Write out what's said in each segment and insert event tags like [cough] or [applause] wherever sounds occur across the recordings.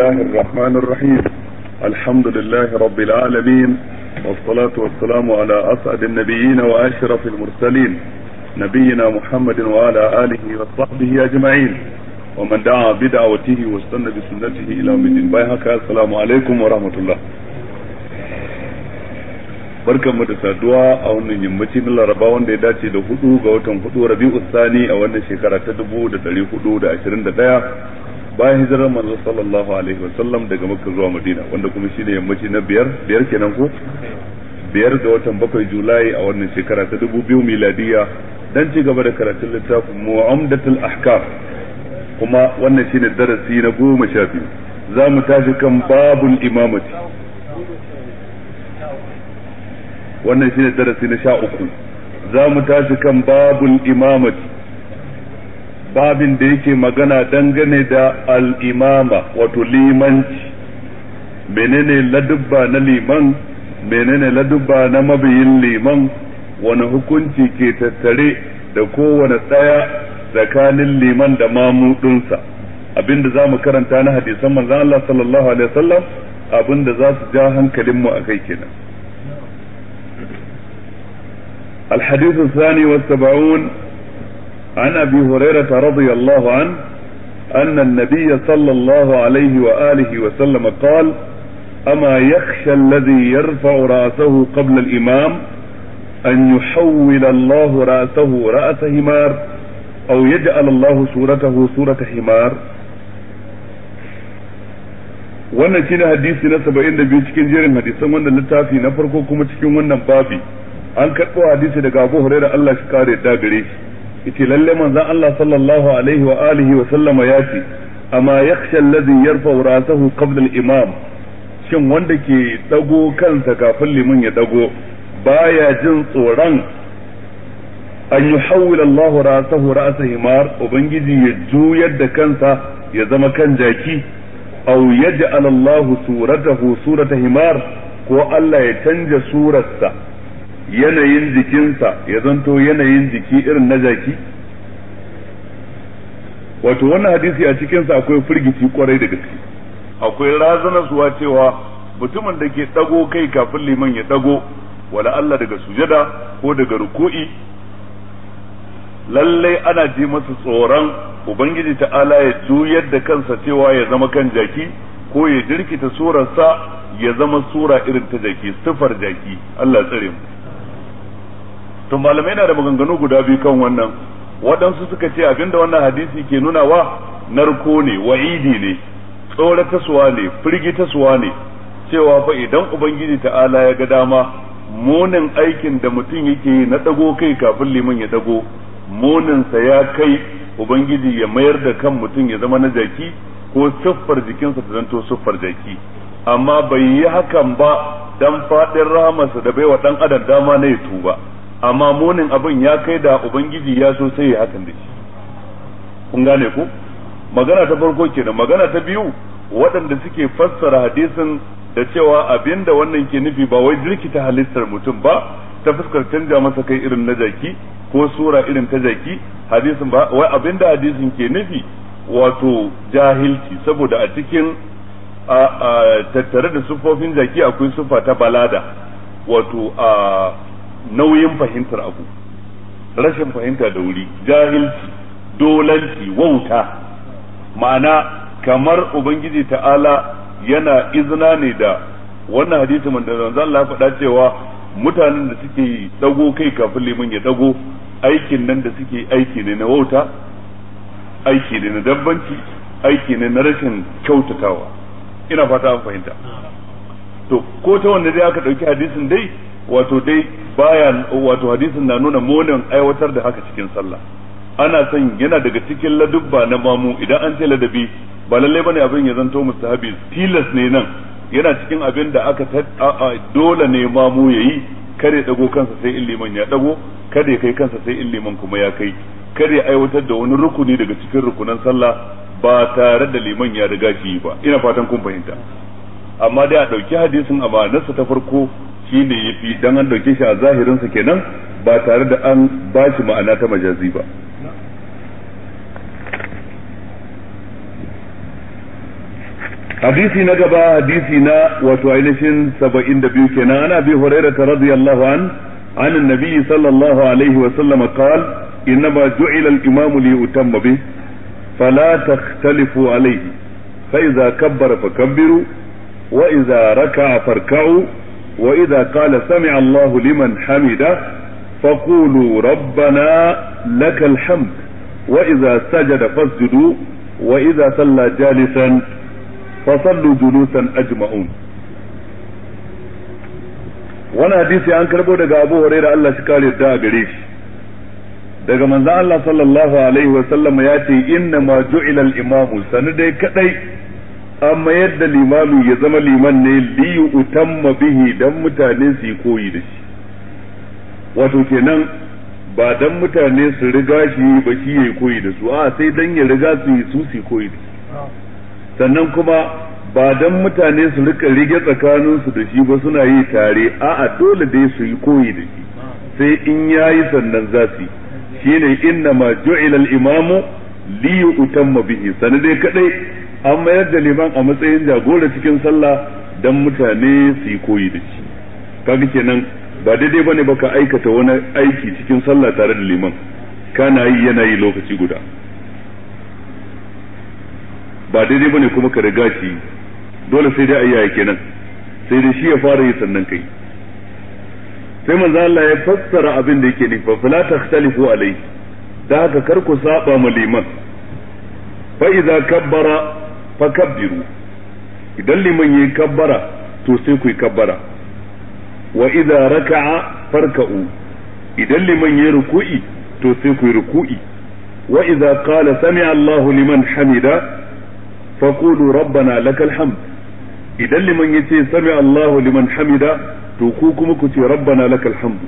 الله الرحمن الرحيم الحمد لله رب العالمين والصلاة والسلام على أسعد النبيين وأشرف المرسلين نبينا محمد وعلى آله وصحبه أجمعين ومن دعا بدعوته واستنى بسنته إلى يوم الدين السلام عليكم ورحمة الله barkan mu da saduwa a wannan yammaci na laraba wanda ya dace da hudu ga watan hudu rabi'u sani a wannan shekara ta dubu da dari hudu da ashirin da daya bayan hijirar manzo sallallahu alaihi wasallam daga makka zuwa madina wanda kuma shine yammaci na biyar biyar kenan ko biyar ga watan bakwai julai a wannan shekara ta dubu biyu miladiya dan ci gaba da karatun littafin mu'amdatul ahkam kuma wannan shine darasi na goma sha biyu za mu tashi kan babul imamati wannan shine darasi na sha uku za mu tashi kan babul imamati babin da yake magana dangane da al'imama wato limanci menene ladubba na liman menene ladubba na mabiyin liman wani hukunci ke tattare da kowane tsaya tsakanin liman da mamudunsa abinda za mu karanta na hadisan manzan Allah sallallahu alaihi wasallam abinda za su ja hankalinmu a kai kenan الحديث الثاني والسبعون عن أبي هريرة رضي الله عنه أن النبي صلى الله عليه وآله وسلم قال أما يخشى الذي يرفع رأسه قبل الإمام أن يحول الله رأسه رأس حمار أو يجعل الله صورته صورة حمار wannan shine hadisi na 72 cikin jerin hadisan wannan littafi na farko kuma cikin wannan babi an karɓo hadisi daga Abu Hurairah Allah shi kare da gare shi yace lalle manzon Allah sallallahu alaihi wa alihi wa sallama ya ce amma yakhsha alladhi yarfa'u ra'sahu qabla al-imam shin wanda ke dago kansa kafin liman ya dago baya jin tsoron an yi hawila Allah ra'sahu ra'sa himar ubangiji ya juyar da kansa ya zama kan jaki aw yaj'al Allah suratahu surata himar ko Allah ya canja surarsa yanayin jikinsa ya zanto yanayin jiki irin na jaki wato wannan hadisi a cikinsa akwai firgici kwarai da gaske akwai razana zuwa cewa mutumin da ke dago kai kafin liman ya dago wala Allah daga sujada ko daga ruku'i lallai ana ji masa tsoron ubangiji ta'ala ya juyar da kansa cewa ya zama kan jaki ko ya jirkita surarsa ya zama sura irin ta jaki sifar jaki Allah tsare mu to malamai na da maganganu guda biyu kan wannan waɗansu suka ce abinda wannan hadisi ke nuna wa narko ne wa'idi ne suwa ne tasuwa ne cewa fa idan ubangiji ta'ala ya ga dama munin aikin da mutum yake yi na ɗago kai kafin liman ya dago sa ya kai ubangiji ya mayar da kan mutum ya zama na jaki ko siffar jikinsa ta zanto siffar jaki amma bai yi hakan ba dan faɗin rahamarsa da baiwa ɗan adam dama na ya tuba amma munin abin ya kai da ubangiji ya so sai ya hakan da shi kun gane ku magana ta farko kenan magana ta biyu waɗanda suke fassara hadisin da cewa abinda wannan ke nufi ba wai ta halittar mutum ba ta fuskar canja masa kai irin na jaki ko sura irin ta jaki hadisin ba wai abinda hadisin ke nufi wato jahilci saboda a cikin a tattare da siffofin jaki akwai siffa ta balada wato a nauyin fahimtar abu rashin fahimta da wuri jahilci dolanci wauta ma'ana kamar ubangiji ta'ala yana izina ne da wannan hadisi man da manzo Allah faɗa cewa mutanen da suke dago kai kafin liman ya dago aikin nan da suke aiki ne na wauta aiki ne na dabbanci aiki ne na rashin kyautatawa ina fata an fahimta to ko ta wanda dai aka ɗauki hadisin dai wato dai baya wato hadisin na nuna munin aiwatar da haka cikin sallah ana san yana daga cikin ladubba na mamu idan an ce ladabi ba lalle bane abin ya zanto mustahabi tilas ne nan yana cikin abin da aka dole ne mamu yayi kare dago kansa sai in liman ya dago kare kai kansa sai in liman kuma ya kai kare aiwatar da wani rukuni daga cikin rukunan sallah ba tare da liman ya riga shi ba ina fatan kun fahimta amma dai a dauki hadisin amma nasa ta farko shine yafi dan an dauke shi a zahirinsa kenan ba tare da an bashi ma'ana ta majazi ba hadisi na gaba hadisi na wato ainihin 72 kenan ana bi hurairah ta radiyallahu an an nabi sallallahu alaihi wa sallam kaal inna ba ju'ila al-imam li utamma bi fa la takhtalifu alayhi fa idha kabbara fakabbiru wa idha raka'a farka'u waiza idza qala sami'a Allahu liman hamida faqulu rabbana lakal hamd wa idza sajada fasjudu wa idza salla jalisan fasallu julusan ajma'un wani hadisi an karbo daga Abu Hurairah Allah shi kare da gare shi daga manzon Allah sallallahu alaihi wa sallam ya ce inna ma ju'ila al-imamu sanu dai kadai amma yadda da limami ya zama liman ne liyu utamma bihi dan mutane su yi koyi da shi wato kenan ba dan mutane su riga shi ba shi yayi koyi da su a sai dan ya riga su yi su su koyi da shi sannan kuma ba dan mutane su rika rige tsakanin su da shi ba suna yi tare a'a dole dai su yi koyi da shi sai in yayi sannan za su yi shine inna ma ju'ila al-imamu li yutamma bihi sanade kadai an mayar da liman a matsayin jagora cikin sallah dan mutane su yi koyi da shi kaga kenan ba daidai bane ba ka aikata wani aiki cikin sallah tare da liman kana yi yana yi lokaci guda ba daidai bane kuma ka riga shi dole sai dai ayyaya kenan sai dai shi ya fara yi sannan kai sai manzo Allah ya fassara abin da yake nufi fa la takhtalifu alai da haka kar ku saba ma liman fa idza kabbara fakabbiru idan liman yayi kabbara to sai ku yi kabbara wa idza raka'a farka'u idan liman yayi ruku'i to sai ku yi ruku'i wa idza qala sami'a Allahu liman hamida faqulu rabbana lakal hamd idan liman yace sami'a Allahu liman hamida to ku kuma ku ce rabbana lakal hamd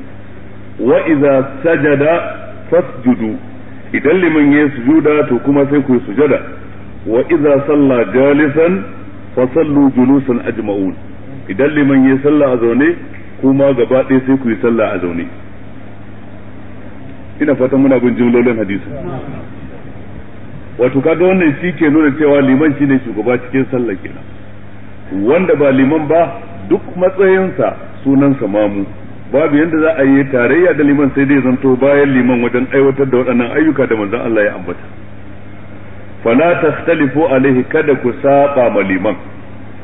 wa idza sajada fasjudu idan liman yayi sujuda to kuma sai ku yi sujada وإذا صلى جالسا jalisan جلوسا أجمعون إذا ajma'un idan liman yayi sallah a zaune kuma gaba فتمنا sai ku yi a zaune ina bin hadisi wato kaga wannan shi ke nuna cewa liman shine shugaba cikin sallah kenan wanda ba liman ba duk matsayinsa sunansa mamu babu yadda za a yi tarayya da liman sai dai zanto bayan liman wajen aiwatar da waɗannan ayyuka da manzon Allah ya ambata fala tastalifu alaihi kada ku saba ma liman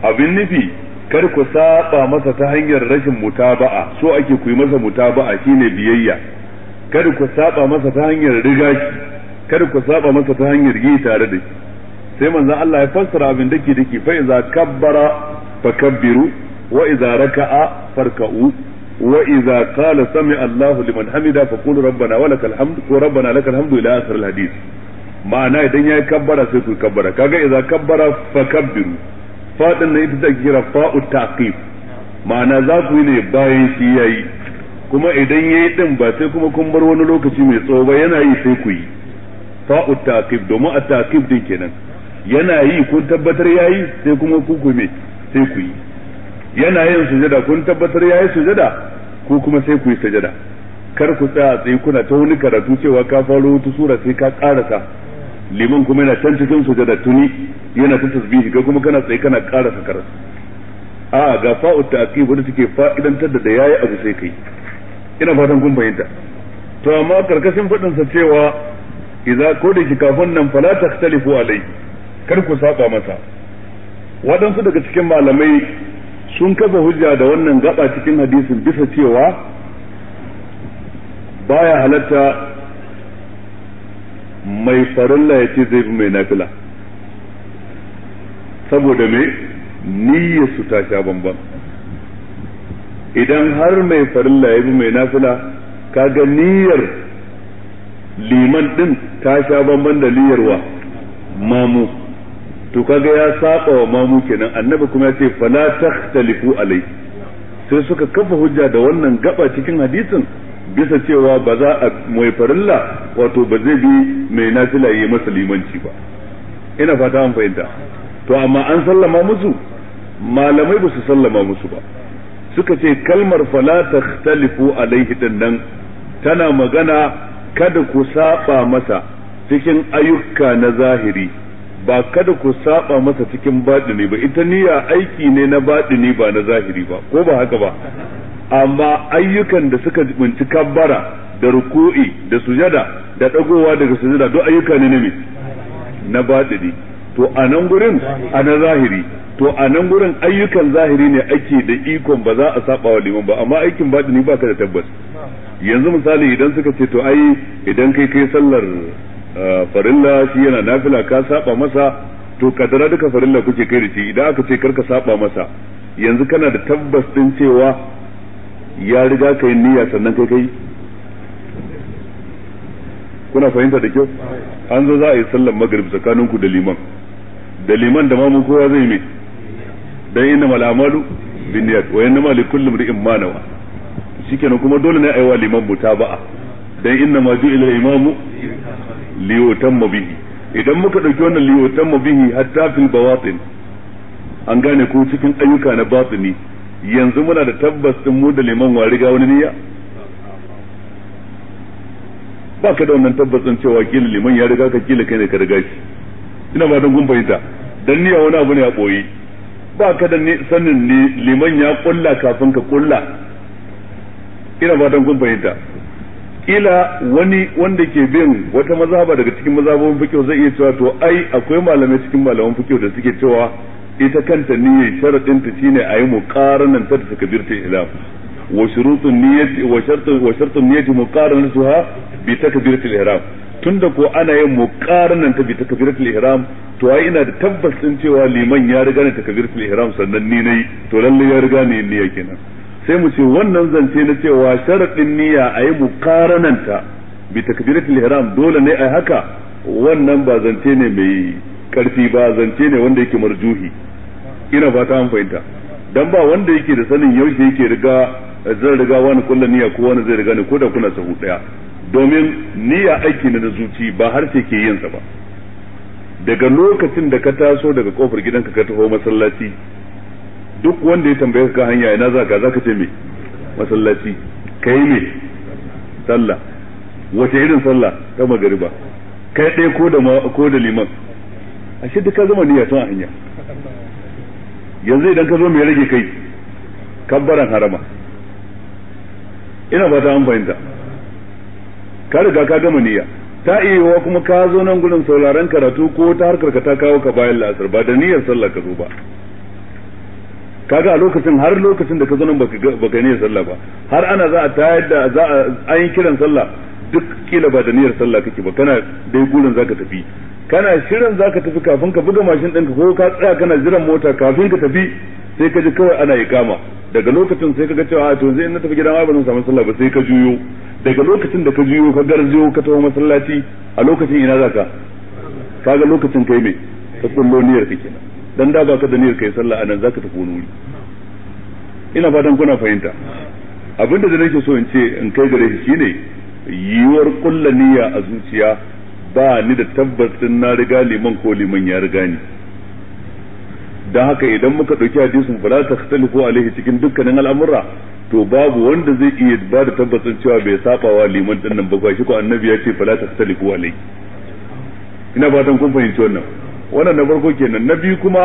abin nufi kar ku saba masa ta hanyar rashin mutaba'a so ake ku yi masa mutaba'a shine biyayya kada ku saba masa ta hanyar riga shi kada ku saba masa ta hanyar yi tare da shi sai manzo Allah ya fassara abin dake dake fa iza kabbara fakabbiru wa iza raka'a farka'u wa iza qala sami Allahu liman hamida faqulu rabbana wa lakal hamdu wa rabbana lakal hamdu ila akhir al hadith ma'ana idan ya yi kabbara sai ku kabbara kaga idan kabbara fa kabbiru faɗin ne ita take kira fa'u taqib ma'ana za ku yi ne bayan shi yayi kuma idan yayi din ba sai kuma kun bar wani lokaci mai tsawo ba yana yi sai ku yi fa'u taqib domin a taqib din kenan yana yi kun tabbatar yayi sai kuma ku ku mai sai ku yi yana yin sujada kun tabbatar yayi sujada ko kuma sai ku yi sujada kar ku tsaya tsaye kuna ta wani karatu cewa ka faro wata sura sai ka karasa liman kuma yana can cikin sujada tuni yana ta tasbihi kai kuma kana tsaye kana ƙara sakar a ga fa'u ta'qib wanda take fa'idantar da yayi abu sai kai ina fatan kun fahimta to amma karkashin fadin sa cewa idza ko da kafin nan fala takhtalifu alai kar ku saba masa waɗansu daga cikin malamai sun kafa hujja da wannan gaba cikin hadisin bisa cewa baya halatta mai farilla ya ce zai bi mai nafila saboda me niyya su ta sha bamban idan har mai farilla ya fi mai nafila kaga niyyar liman din ta sha bamban da niyyar wa mamu to kaga ya saba wa mamu kenan annabi kuma ya ce fala takhtalifu alai sai suka kafa hujja da wannan gaba cikin hadisin bisa cewa ba za a mai farilla wato ba zai bi mai nafila yi masa limanci ba ina fata an fahimta to amma an sallama musu malamai ba su sallama musu ba suka ce kalmar fala talifu alaihi nan tana magana kada ku saba masa cikin ayyuka na zahiri ba kada ku saba masa cikin baɗini ba ita niyya aiki ne na baɗini ba na zahiri ba ko ba haka ba amma ayyukan da suka binci kabbara da ruku'i da sujada da dagowa daga sujada duk ayyuka ne ne na batini to a nan gurin a na zahiri to a nan gurin ayyukan zahiri ne ake da ikon ba za a saba wa liman ba amma aikin batini ba ka da tabbas yanzu misali idan suka ce to ai idan kai kai sallar ah, farilla shi yana nafila ka saba masa to kadara duka farilla kuke kai da shi idan aka ce karka saba masa yanzu kana da tabbas din cewa ya riga ka yi niyya sannan kai kai kuna fahimta da kyau an zo za a yi sallar magrib tsakanin ku da liman da liman da mamu kowa zai me dan inna mal amalu binniyat wa inna li kulli imrin ma nawa shikenan kuma dole ne a wa liman mutaba'a dan inna ma ila imamu li yutamma bihi idan muka dauki wannan li yutamma bihi hatta fil bawatin an gane ko cikin ayyuka na batini yanzu muna da tabbas din mu da liman wa riga wani niyya ba ka da wannan tabbas din cewa kila liman ya riga ka kila kai ne ka riga shi ina ba don kun fahimta dan niyya wani abu ne a koyi ba ka da sanin ne liman ya kulla kafin ka kulla ina ba don kun fahimta kila wani wanda ke bin wata mazhaba daga cikin mazhabobin fikihu zai iya cewa to ai akwai malamai cikin malaman fikihu da suke cewa ita kanta niyya sharadin ta shine a yi muqaranan ta da takbiratul ihram wa shurutun niyyati wa shartun wa shartun niyyati suha bi takbiratul ihram tunda ko ana yin muqaranan ta bi takbiratul ihram to ai ina da tabbas din cewa liman ya riga ne takbiratul ihram sannan ni nayi to lalle ya riga ne niyya kenan sai mu ce wannan zance na cewa sharadin niyya a yi muqaranan ta bi takbiratul ihram dole ne ai haka wannan ba zance ne mai karfi ba zance ne wanda yake marjuhi ina fata an fahimta dan ba wanda yake da sanin yaushe yake riga zan riga wani kullun niyya ko wani zai riga ni ko da kuna sahu daya domin niyya aiki ne na zuci ba har sai ke yin sa ba daga lokacin da ka taso daga kofar gidanka ka taho masallaci duk wanda ya tambaye ka hanya ina za ka zaka ce me masallaci kai ne sallah wace irin sallah ta magariba kai ɗaya ko da ko da liman ashe duka zama niyya tun a hanya yanzu idan ka zo mai rage kai kabbaran harama ina ba ta an fahimta ka riga ka gama niyya ta iya kuma ka zo nan gudun sauraron karatu ko ta harkar ka ta kawo ka bayan la'asar ba da niyyar sallah ka zo ba kaga a lokacin har lokacin da ka zo nan baka niyyar sallah ba har ana za a tayar da za a an yi kiran sallah duk kila ba da niyyar sallah kake ba kana dai gurin zaka tafi kana shirin zaka tafi kafin ka buga mashin ɗinka ko ka tsaya kana jiran mota kafin ka tafi sai ka ji kawai ana ikama daga lokacin sai ka ga cewa ah, to zai na tafi gidan ma ba zan samu sallah ba sai ka juyo daga lokacin da ka juyo ka garzo ka tafi masallaci a lokacin ina zaka kaga lokacin kai me ka tsallo niyyar ka kenan dan da baka da niyyar kai sallah anan zaka tafi wani wuri ina fatan kuna fahimta abinda da nake so in ce in kai gare shi shine yiwuwar kullaniya niyya a zuciya ba ni da tabbas na riga liman ko liman ya riga ni dan haka idan muka dauki hadisin fala ko alaihi cikin dukkanin al'amura to babu wanda zai iya ba da tabbacin cewa bai saba wa liman din nan ba kwa shi ko annabi ya ce ba za ta fala ko alaihi ina fatan kun fahimci wannan wannan na farko kenan na biyu kuma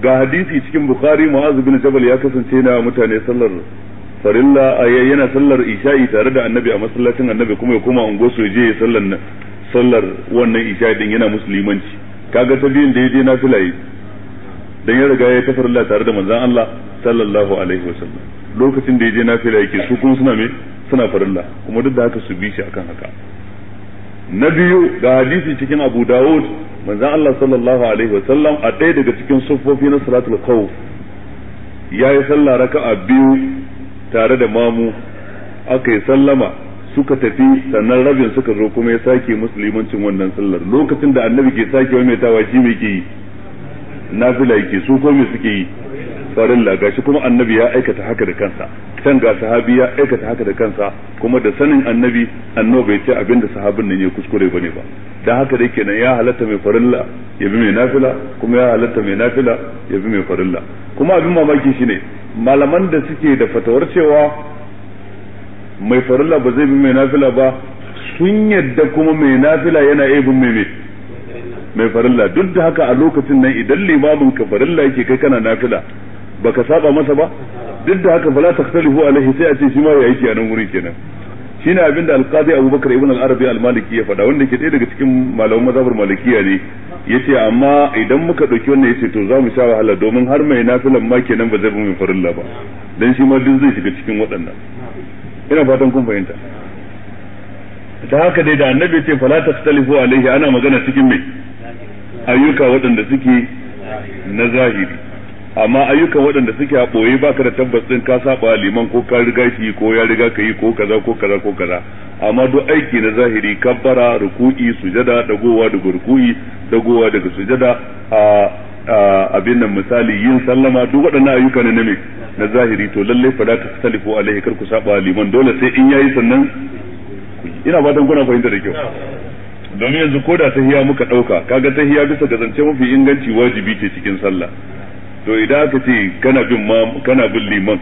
ga hadisi cikin bukhari mu'az bin jabal ya kasance na mutane sallar farilla yana sallar isha'i tare da annabi a masallacin annabi kuma ya koma unguwar su je sallar sallar wannan isha din yana musulmanci kaga ta biyun da yaje na filaye dan ya riga ya tafar Allah tare da manzon Allah sallallahu alaihi wasallam lokacin da yaje na filaye ke su kun suna me suna farilla kuma duk da haka su bi shi akan haka na biyu ga hadisi cikin Abu Dawud manzon Allah sallallahu alaihi wasallam a ɗaya daga cikin sufofi na salatul khawf yayi sallah raka'a biyu tare da mamu aka yi sallama suka tafi sannan rabin suka zo kuma ya sake musulmancin wannan sallar lokacin da annabi ke sake wa tawa shi mai ke yi nafila yake su ko suke yi farilla shi kuma annabi ya aikata haka da kansa can ga sahabi ya aikata haka da kansa kuma da sanin annabi annabi bai ce abinda sahabin nan ya kuskure ba ne ba dan haka da yake nan ya halatta mai farilla ya bi mai nafila kuma ya halatta mai nafila ya bi mai farilla kuma abin mamaki shine malaman da suke da fatawar cewa mai farilla ba zai bi mai nafila ba sun yadda kuma mai nafila yana iya bin mai mai farilla duk da haka a lokacin nan idan limamin ka farilla yake kai kana nafila baka saba masa ba duk da haka fala takhtalifu alaihi sai a ce shi ma ya aiki a nan wurin kenan shine abin da alqadi abubakar ibn al-arabi al ya faɗa wanda ke ɗaya daga cikin malaman mazhabar malikiya ne yace amma idan muka ɗauki wannan ce to za mu sha wahala domin har mai nafilan ma kenan ba zai bi mai farilla ba dan shi ma duk zai shiga cikin waɗannan ina fatan kun fahimta ta haka dai da annabi ce fala tastalifu alaihi ana magana cikin mai ayyuka waɗanda suke na zahiri amma ayyuka waɗanda suke a ɓoye baka da tabbas ɗin ka saba liman ko ka riga shi ko ya riga ka yi ko kaza ko kaza ko kaza amma duk aiki na zahiri kabbara ruku'i sujada dagowa daga ruku'i dagowa daga sujada a abin nan misali yin sallama duk waɗannan ayyuka ne ne na zahiri to lalle fa da ta salifu alaihi kar ku saba liman dole sai in yayi sannan ina dan kuna fahimta da kyau domin yanzu ko da hiya muka ɗauka kaga hiya bisa ga zance mafi inganci wajibi ce cikin sallah to idan aka ce kana bin ma kana bin liman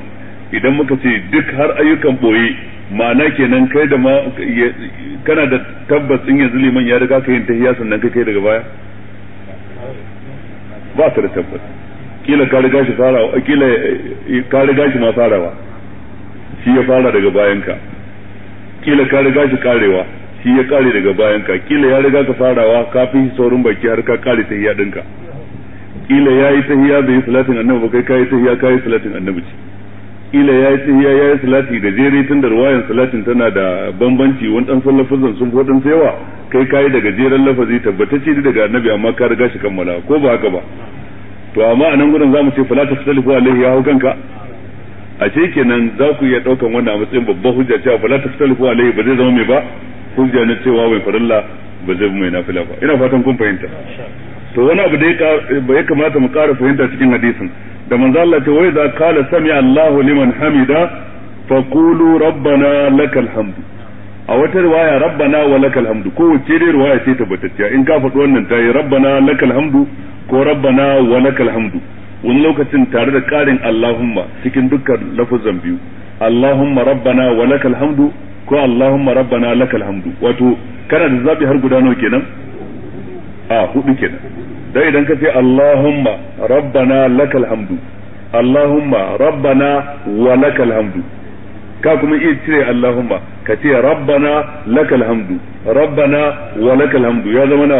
idan muka ce duk har ayyukan boye ma'ana kenan kai da ma kana da tabbas in yanzu liman ya riga ka yin tahiya sannan kai kai daga baya ba ka da tabbas kila ka riga shi farawa kila eh, ka riga shi ma farawa shi ya fara daga bayanka kila ka riga shi karewa shi ya kare daga bayanka kila ya riga ka farawa kafin shi saurin baki har ka kare hiya dinka kila yayi hiya bai salatin annabi kai kai ta hiya kai salatin annabi ila ya yi ya yi salati da jere tun da ruwayan salatin tana da bambanci wani dan sallafazan sun fodin yawa kai kayi daga jeren lafazi tabbatacce ne daga annabi amma ka riga shi kammala ko ba haka ba to amma a nan gurin mu ce fala tasalifu alaihi ya hau kanka a ce kenan za ku iya daukan wannan a matsayin babban hujja cewa fala tasalifu alaihi ba zai zama mai ba hujja na cewa mai farilla ba zai mai nafila ba ina fatan kun fahimta to wani abu da ya kamata mu ƙara fahimta cikin hadisin da manzo Allah ce wai da kala sami Allahu liman hamida faqulu rabbana lakal hamd a wata riwaya rabbana wa lakal hamdu ko wace dai riwaya ce tabbatacciya in ka faɗi wannan ta yi rabbana lakal hamdu ko rabbana wa lakal hamdu wani lokacin tare da ƙarin allahumma cikin dukkan lafuzan biyu allahumma rabbana wa lakal hamdu ko allahumma rabbana lakal hamdu wato kana da zabi har guda nawa kenan a hudu kenan dan idan ka ce Allahumma rabbana lakal hamdu Allahumma rabbana wa lakal hamdu ka kuma iya cire Allahumma ka ce rabbana lakal hamdu rabbana wa lakal hamdu ya zama na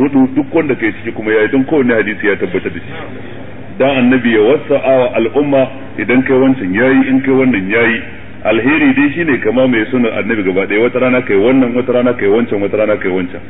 hudu duk wanda kai ciki kuma yayi don kowane hadisi ya tabbata da shi dan annabi ya wasa'a wa al'umma idan kai wancan yayi in kai wannan yayi alheri dai shine kama mai sunan annabi gaba ɗaya wata rana kai wannan wata rana kai wancan wata rana kai wancan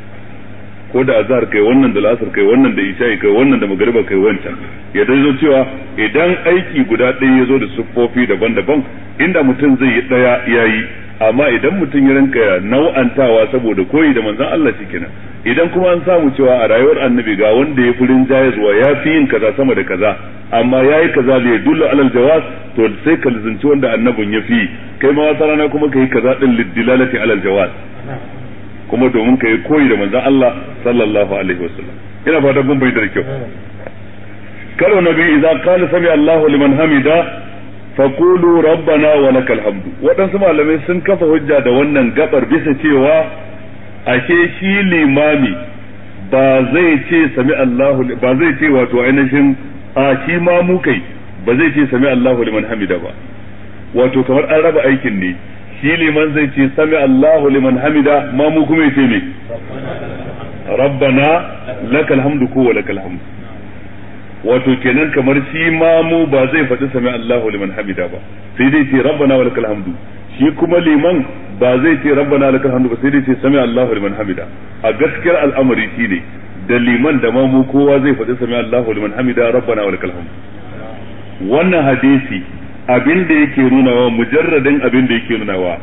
ko da azhar kai wannan da lasar kai wannan da isha kai wannan da magariba kai wancan ya dai zo cewa idan aiki guda ɗaya ya zo da siffofi daban-daban inda mutum zai yi ɗaya ya yi amma idan mutum ya rinka nau'antawa saboda koyi da manzan Allah kenan idan kuma an samu cewa a rayuwar annabi ga wanda ya furin jayazwa ya fi yin kaza sama da kaza amma ya yi kaza da ya dulla alal jawaz to sai ka lizinci wanda annabin ya fi kai ma wata rana kuma ka yi kaza din liddilalati alal jawaz kuma domin ka yi koyi da manzan Allah sallallahu alaihi wasallam ina fata kun bai da kyau karo na biyu idan qala sami Allahu liman hamida qulu rabbana wa lakal hamdu waɗansu malamai sun kafa hujja da wannan gabar bisa cewa ashe shi limami ba zai ce sami Allahu ba zai ce wato ainihin a shi ma mu kai ba zai ce sami Allahu liman hamida ba wato kamar an raba aikin ne shi liman zai ce sami Allahu liman hamida ma mu kuma yace me rabbana lakal hamdu ko wa lakal hamdu wato kenan kamar shi ma mu ba zai faɗi sami Allahu liman hamida ba sai dai ce rabbana wa lakal hamdu shi kuma liman ba zai ce rabbana lakal hamdu ba sai dai ce sami Allahu liman hamida a gaskiyar al'amari shi ne da liman da ma mu kowa zai faɗi sami Allahu liman hamida rabbana wa lakal hamdu wannan hadisi abin da yake nunawa mujarradin abin da yake nunawa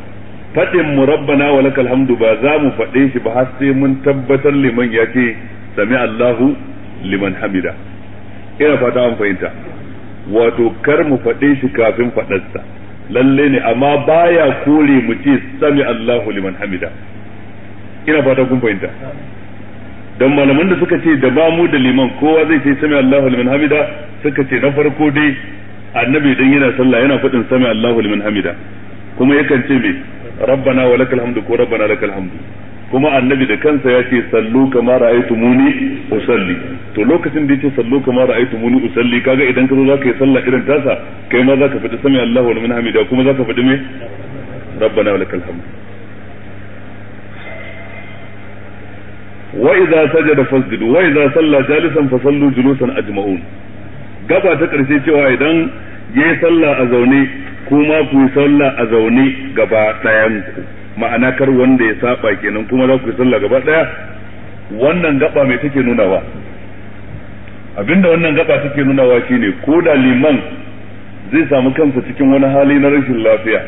faɗin mu rabbana wa lakal hamdu ba za mu faɗe shi ba har sai mun tabbatar liman ya ce sami Allahu liman hamida ina fata an fahimta wato kar mu faɗe shi kafin faɗarsa lalle ne amma baya kore mu ce sami Allahu liman hamida ina fata kun fahimta dan malaman da suka ce da ba mu da liman kowa zai ce sami Allahu liman hamida suka ce na farko dai annabi idan yana sallah yana faɗin sami Allahu liman hamida kuma yakan ce me rabbana wa lakal hamdu ko rabbana lakal hamdu kuma annabi da kansa ya ce sallu kama ra'aytumuni usalli to lokacin da yace sallu kama ra'aytumuni usalli kaga idan ka zo zaka yi sallah irin tasa kai ma zaka faɗi sami Allahu liman hamida kuma zaka faɗi me rabbana wa lakal hamdu wa idza sajada fasjudu wa idza salla jalisan fasallu julusan ajma'un gaba ta karshe cewa idan ya yayi sallah a zaune kuma ku yi sallah a zaune gaba ɗayan ku ma'ana kar wanda ya saba kenan kuma za ku yi sallah gaba ɗaya wannan gaba mai take nunawa abinda wannan gaba take nunawa shine ko da liman zai samu kansa cikin wani hali na rashin lafiya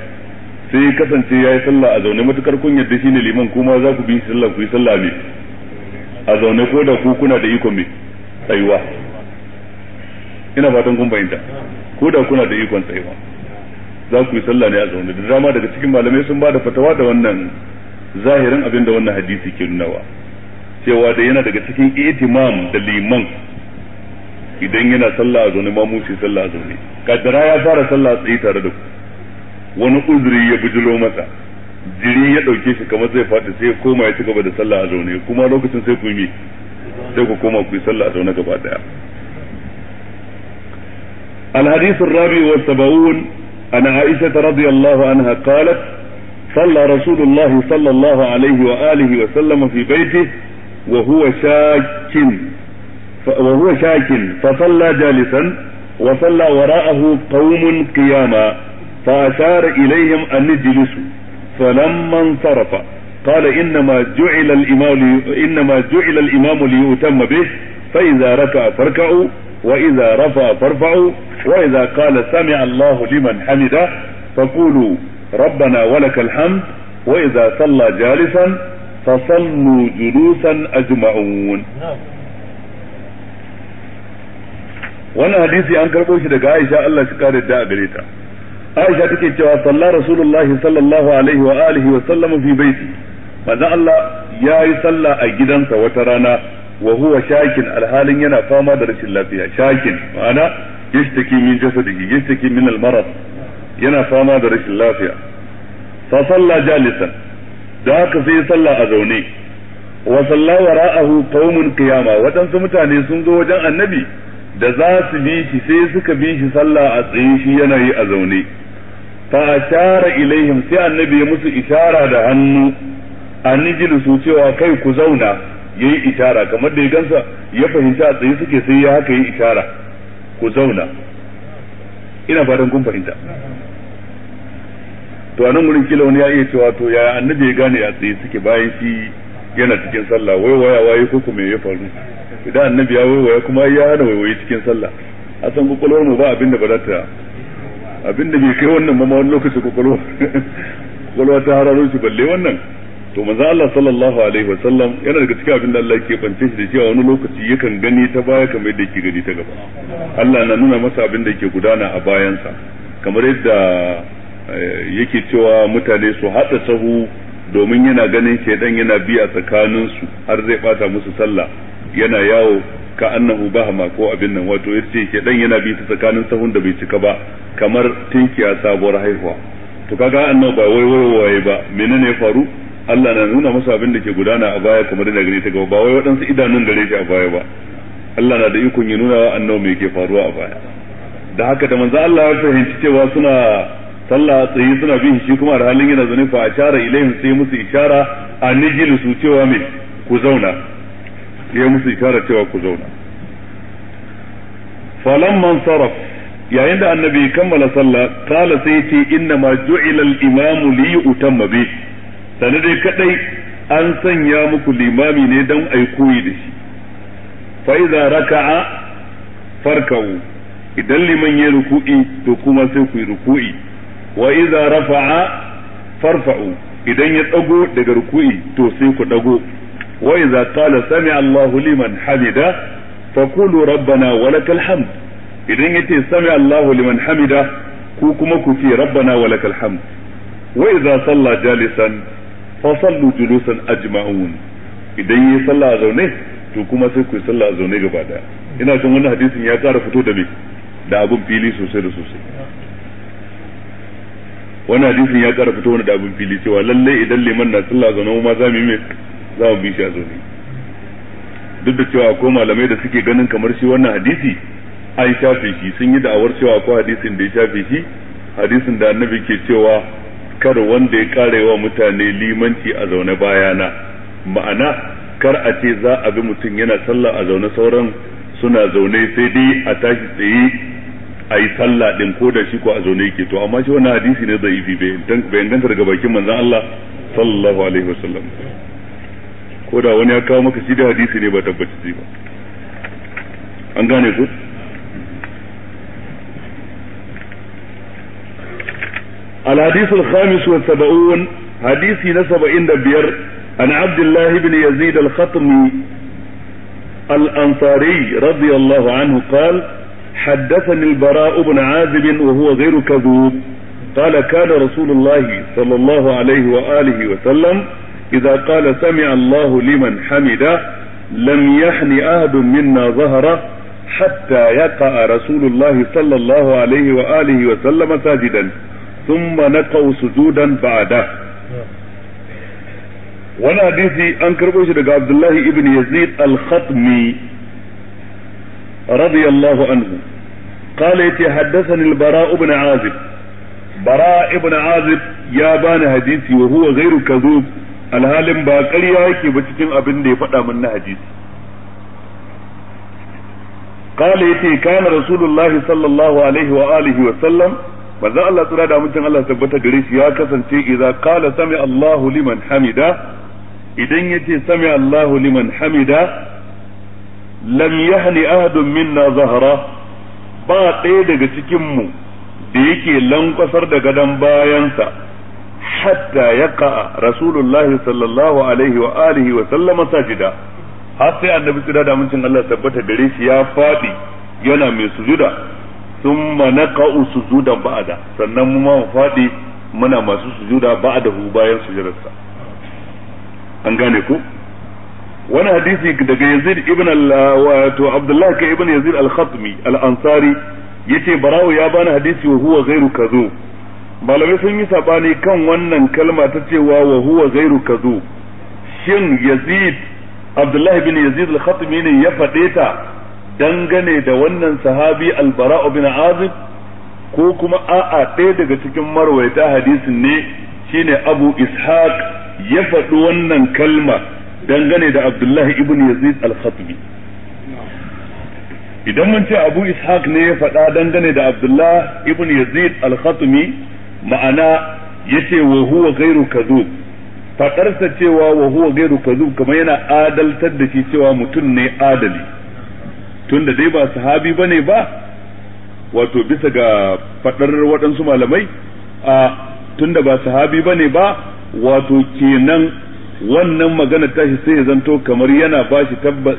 sai ya kasance ya yi sallah a zaune matukar kun yadda shine liman kuma za ku bi sallah ku yi sallah ne a zaune ko da ku kuna da iko mai tsayuwa ina fatan kun bayyana ko da kuna da ikon tsayawa za ku yi sallah ne a zaune da dama daga cikin malamai sun ba da fatawa da wannan zahirin abin da wannan hadisi ke nunawa cewa da yana daga cikin itimam da liman idan yana sallah a zaune ma mu shi sallah a zaune kaddara ya fara sallah tsaye tare da ku wani uzuri ya bijiro masa jiri ya dauke shi kamar zai fadi sai koma ya ci gaba da sallah a zaune kuma lokacin sai ku yi sai ku koma ku yi sallah a zaune gaba daya الحديث الرابع والسبعون عن عائشة رضي الله عنها قالت صلى رسول الله صلى الله عليه وآله وسلم في بيته وهو شاك وهو شاك فصلى جالسا وصلى وراءه قوم قياما فأشار إليهم أن اجلسوا فلما انصرف قال إنما جعل الإمام إنما جعل الإمام ليؤتم به فإذا ركع فاركعوا واذا رفع فارفعوا واذا قال سمع الله لمن حمده فقولوا ربنا ولك الحمد واذا صلى جالسا فصلوا جلوسا اجمعون وانا حديثي ان كربو شدك عائشة الله شكار الداء قريتا عائشة تكيت صلى رسول الله صلى الله عليه وآله وسلم في بيتي ماذا الله يا يصلى اجدا سوترانا wa huwa shakin alhalin yana fama da rashin lafiya shakin ma'ana yashtaki min jasadihi yashtaki min almarad yana fama da rashin lafiya fa salla jalisan da haka sai salla a zaune wa salla wara'ahu qaumun qiyama wadansu mutane sun zo wajen annabi da za su bi shi sai suka bi shi sallah a tsaye shi yana yi a zaune fa ashara ilaihim sai annabi ya musu ishara da hannu an su cewa kai ku zauna ya yi ishara kamar da ya gansa ya fahimta a tsaye suke sai ya haka yi ishara ku zauna ina fatan kun fahimta to a nan wurin kila wani ya iya cewa to yaya annabi ya gane a tsaye suke bayan shi yana cikin sallah wai-wai waya waye ko kuma ya faru idan annabi ya waya kuma ya hana waye cikin sallah a san kokolwar mu ba abin da ba za ta abin da bai kai wannan ba ma wani lokaci kokolwa [laughs] kokolwa ta hararo shi balle wannan to manzo Allah sallallahu alaihi wasallam yana daga cikin abin da Allah ke bance shi da cewa wani lokaci yakan gani ta baya kamar yadda yake gani ta gaba Allah na nuna masa abin da yake gudana a bayansa kamar yadda eh, yake cewa mutane su hada sahu domin yana ganin shaidan yana biya tsakaninsu har zai bata musu sallah yana yawo ka annahu bahama ko abin nan wato yace shaidan yana bi ta tsakanin sahun da bai cika ba kamar tinkiya sabuwar haihuwa to kaga annahu ba wai wai ba menene ya faru Allah na nuna masa abin da ke gudana a baya kamar da gare ta gaba ba wai waɗansu idanun gare shi a baya ba Allah na da ikon ya nuna wa annabi me ke faruwa a baya da haka da manzo Allah ya fahimci cewa suna sallah tsayi suna bin shi kuma da halin yana zaune fa ashara ilaihim sai musu ishara a nijil su cewa me ku zauna ya musu ishara cewa ku zauna falamman sarraf yayin da annabi kammala sallah kala sai ce inna ma ju'ila al-imamu li yutamma bihi sani dai kadai an sanya muku limami ne don ai koyi da shi fa iza raka'a farka'u idan liman ya ruku'i to kuma sai ku yi ruku'i wa iza rafa'a farfa'u idan ya dago daga ruku'i to sai ku dago wa iza qala sami Allahu liman hamida fa qulu rabbana lakal hamd idan yace sami Allahu liman hamida ku kuma ku ce rabbana lakal hamd wa iza salla jalisan fa sallu julusan ajma'un idan yi sallah a zaune to kuma sai ku yi sallah a zaune gaba daya ina jin wannan hadisin ya kara fito da me da abun fili sosai da sosai wannan hadisin ya kara fito wani da abun fili cewa lalle idan liman na sallah zaune ma za mu yi za mu bi shi a zaune duk da cewa akwai malamai da suke ganin kamar shi wannan hadisi an shafe shi sun yi da'awar cewa akwai hadisin da ya shafe shi hadisin da annabi ke cewa kar wanda ya kare wa mutane limanci a zaune bayana ma'ana kar a ce za a bi mutum yana sallah a zaune sauran suna zaune sai dai a tashi tsaye a yi sallah din ko da shi ko a zaune yake to amma shi wannan hadisi ne zai yi bai ganta daga bakin manzon Allah sallallahu alaihi wasallam ko da wani ya kawo maka shi da hadisi ne ba tabbaci ba an gane ku الحديث الخامس والسبعون حديث نسب عند بير عن عبد الله بن يزيد الخطمي الأنصاري رضي الله عنه قال حدثني البراء بن عازب وهو غير كذوب قال كان رسول الله صلى الله عليه وآله وسلم إذا قال سمع الله لمن حمد لم يحن أحد منا ظهر حتى يقع رسول الله صلى الله عليه وآله وسلم ساجدا thumma naqaw sujudan ba'da wani hadisi an karbo shi daga Abdullahi ibn Yazid al-Khatmi radiyallahu anhu قال يتي حدثني البراء بن عازب براء بن عازب يا بان حديثي وهو غير كذوب alhalin ba karya yake ba cikin abin da ya faɗa min na hadisi قال يتي كان رسول الله صلى الله عليه وآله manzon Allah tsira da mutum Allah tabbata gare shi ya kasance idza qala sami Allahu liman hamida idan yace sami Allahu liman hamida lam yahni ahadun minna zahra ba ɗaya daga cikin mu da yake lankwasar da gadon bayansa hatta yaqa rasulullahi sallallahu alaihi wa alihi wa sallama sajida har sai annabi tsira da mutum Allah tabbata gare shi ya fadi yana mai sujuda thumma naqa'u sujudan ba'ada sannan mu ma mu fadi muna masu sujuda ba'dahu bayan sujudarsa an gane ku. wani hadisi daga Yazid ibn wato Abdullahi ka ibn Yazid al-Khatmi al-Ansari yace Barawo ya bani hadisi wa huwa ghairu kazu malamai sun yi sabani kan wannan kalma ta cewa wa huwa ghairu kazu shin Yazid Abdullahi ibn Yazid al-Khatmi ne ya faɗe ta dangane da wannan sahabi albara'u bin azib ko kuma a'a ɗaya daga cikin marwaita hadisin ne shine abu ishaq ya faɗi wannan kalma dangane da abdullahi ibn yazid al khatibi idan mun ce abu ishaq ne ya faɗa dangane da abdullahi ibn yazid al khatibi ma'ana yace wa huwa ghairu kadhub faɗarsa cewa wa huwa ghairu kadhub kamar yana adaltar da shi cewa mutum ne adali tunda dai ba sahabi bane ba wato bisa ga fadar waɗansu malamai a tunda ba sahabi bane ba wato kenan wannan magana tashi sai ya zanto kamar yana ba shi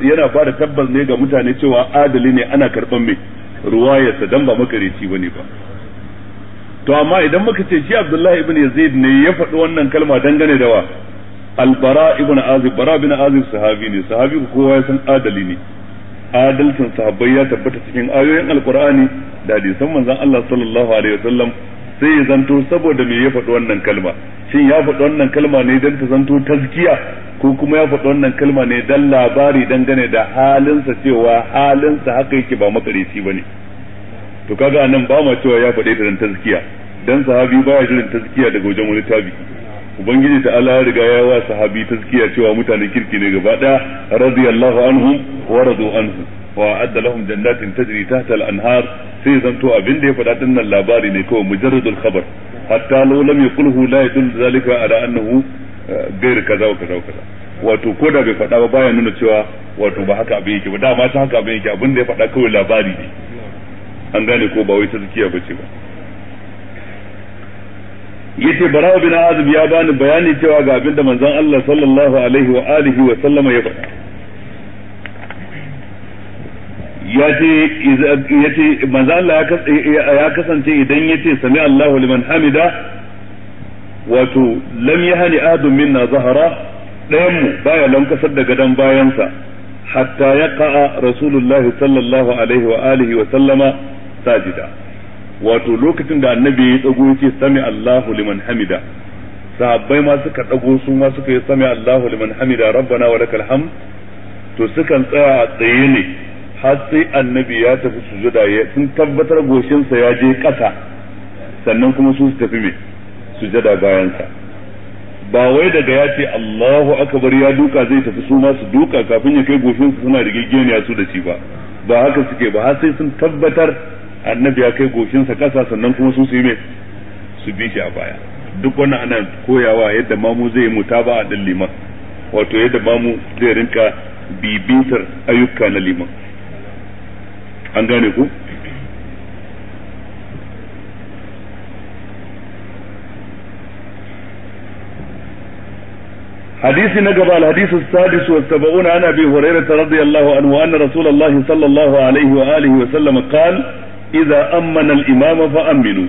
yana ba da tabbas ne ga mutane cewa adali ne ana karban mai sa dan ba makareci bane ba to amma idan muka ce shi Abdullahi ibn Yazid ne ya faɗi wannan kalma dangane da wa Al-Bara' ibn Azib Bara ibn Azib sahabi ne sahabi kowa ya san adali ne adalcin sahabbai ya tabbata cikin ayoyin alkur'ani da hadisan manzon Allah sallallahu alaihi wasallam sai ya zanto saboda me ya faɗi wannan kalma shin ya faɗi wannan kalma ne dan ta zanto tazkiya ko kuma ya faɗi wannan kalma ne dan labari dangane da halinsa cewa halinsa haka yake ba makarici ba ne to kaga anan ba ma cewa ya faɗi ta don tazkiya dan sahabi baya jiran tazkiya daga wajen wani tabi'i ubangiji ta ala riga ya wa sahabi tazkiya cewa mutane kirki ne gaba daya radiyallahu anhum wa radu anhu wa adda lahum jannatin tajri tahta al-anhar sai zanto abin da ya faɗa dinnan labari ne kawai mujarradul khabar hatta law lam yaqulhu la yadun zalika ala annahu eh, gair kaza wa kaza wa kaza wato ko da bai faɗa ba baya nuna cewa wato ba haka abin yake ba dama ta haka abin yake abin da ya faɗa kawai labari ne an gane ko ba wai tazkiya bace ba yace bara'u bin azib ya bani bayani cewa ga abin da manzon Allah sallallahu alaihi wa alihi wa sallama ya faɗa yace yace manzon Allah ya kasance idan yace sami Allahu liman hamida wato lam yahani adun minna zahara dayan mu baya lankasar da gadan bayansa hatta yaqa rasulullahi sallallahu alaihi wa alihi wa sallama sajida wato lokacin da annabi ya dago yake sami Allahu liman hamida sahabbai ma suka dago su ma suka yi sami Allahu liman hamida rabbana wa lakal hamd to sukan tsaya a tsaye ne har sai annabi ya tafi sujuda ya sun tabbatar goshinsa ya je kasa sannan kuma su su tafi me sujada bayansa ba wai daga ya ce Allahu akbar ya duka zai tafi su ma su duka kafin ya kai goshinsu suna rigegeniya su da shi ba ba haka suke ba har sai sun tabbatar annabi ya kai goshinsa kasa sannan kuma su su yi mai su bi shi a baya duk wannan ana koyawa yadda mamu zai muta ba a dan liman wato yadda mamu zai rinka bibintar ayyuka na liman an gane ku حديث نقب الحديث السادس والسبعون عن ابي هريره رضي الله عنه ان رسول الله صلى الله عليه واله وسلم قال إذا أمن الإمام فأمنوا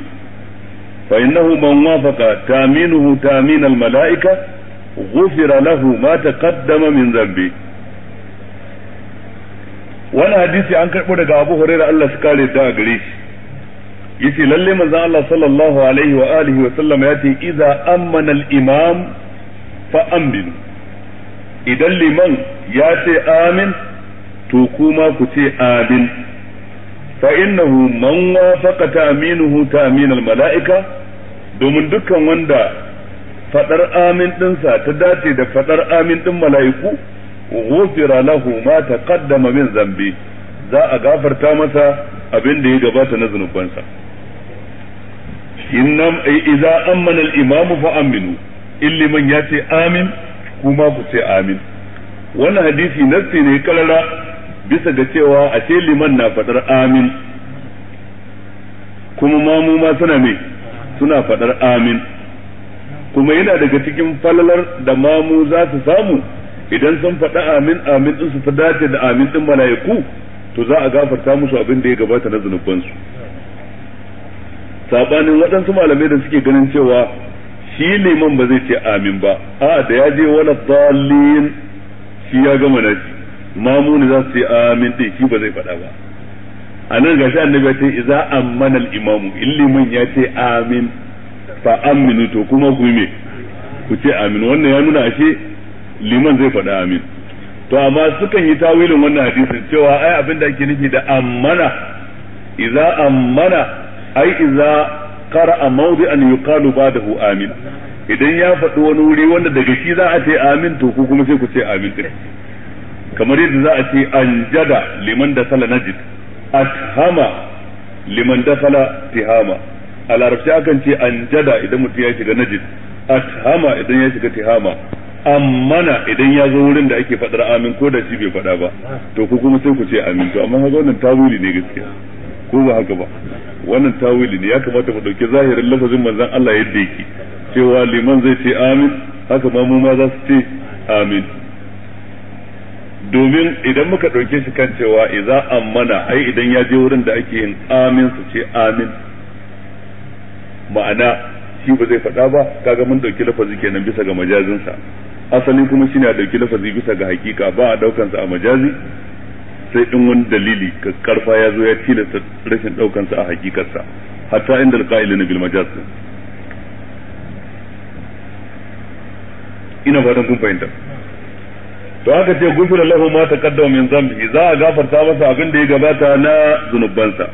فإنه من وافق تامينه تامين الملائكة غفر له ما تقدم من ذنبه wani hadisi an karɓo daga abu huraira Allah su kare ta a gare shi yace lalle manzo Allah sallallahu alaihi wa alihi wa sallam ya ce idza ammana al-imam fa amin idan liman ya ce amin to kuma ku ce amin fa innahu man wafaqa ta'minuhu ta'min al-mala'ika domin dukkan wanda fadar amin dinsa ta dace da fadar amin din mala'iku ghufira lahu ma taqaddama min zambi za a gafarta masa abin da ya gabata na zunubansa innam eh, idza amana al-imam fa aminu illi man yace amin kuma ku ce amin wannan hadisi nassi ne kalala bisa ga cewa a ce liman na faɗar amin kuma mamu ma suna ne suna faɗar amin kuma yana daga cikin falalar da mamu za su samu idan sun faɗa amin amin din su ta dace da amin din mala'iku to za a gafarta musu abin da ya gabata na zunubansu sabanin waɗansu malamai da suke ganin cewa shi liman ba zai ce amin ba a da ya je wala dalilin shi ya gama nashi mamuni za su yi amin din shi ba zai faɗa ba a nan gashi annabi ya ce iza amana al imamu liman ya ce amin fa aminu to kuma ku me ku ce amin wannan ya nuna ashe liman zai faɗa amin to amma sukan yi tawilin wannan hadisin cewa ai abin da ake nufi da amana iza amana ai a mawdi an yuqalu ba'dahu amin idan ya faɗi wani wuri wanda daga shi za a ce amin to ku kuma sai ku ce amin din kamar yadda za a ce anjada liman da sala najid ashama liman da sala tihama a larabci akan ce anjada idan mutum ya shiga najid ashama idan ya shiga tihama ammana idan ya zo wurin da ake faɗar amin ko da shi bai faɗa ba to ku kuma sai ku ce amin to amma haka wannan tawili ne gaskiya ko ba haka ba wannan tawili ne ya kamata mu dauki zahirin lafazin manzon Allah yadda yake cewa liman zai ce amin haka ma mu ma za su ce amin domin idan muka ɗauke shi kan cewa iza mana ai idan ya je wurin da ake yin amin su ce amin ma'ana shi ba zai faɗa ba kaga mun ɗauki lafazi kenan bisa ga majazinsa asalin kuma shine a ɗauki lafazi bisa ga hakika ba a ɗaukansa a majazi sai in wani dalili ka karfa ya zo ya tilasta rashin ɗaukansa a hakikarsa hatta inda alƙa'ili na bilmajaz ina fatan kun fahimta to aka ce gufira lahu ma taqaddama min zambi za a gafarta masa abin da ya gabata na zunubansa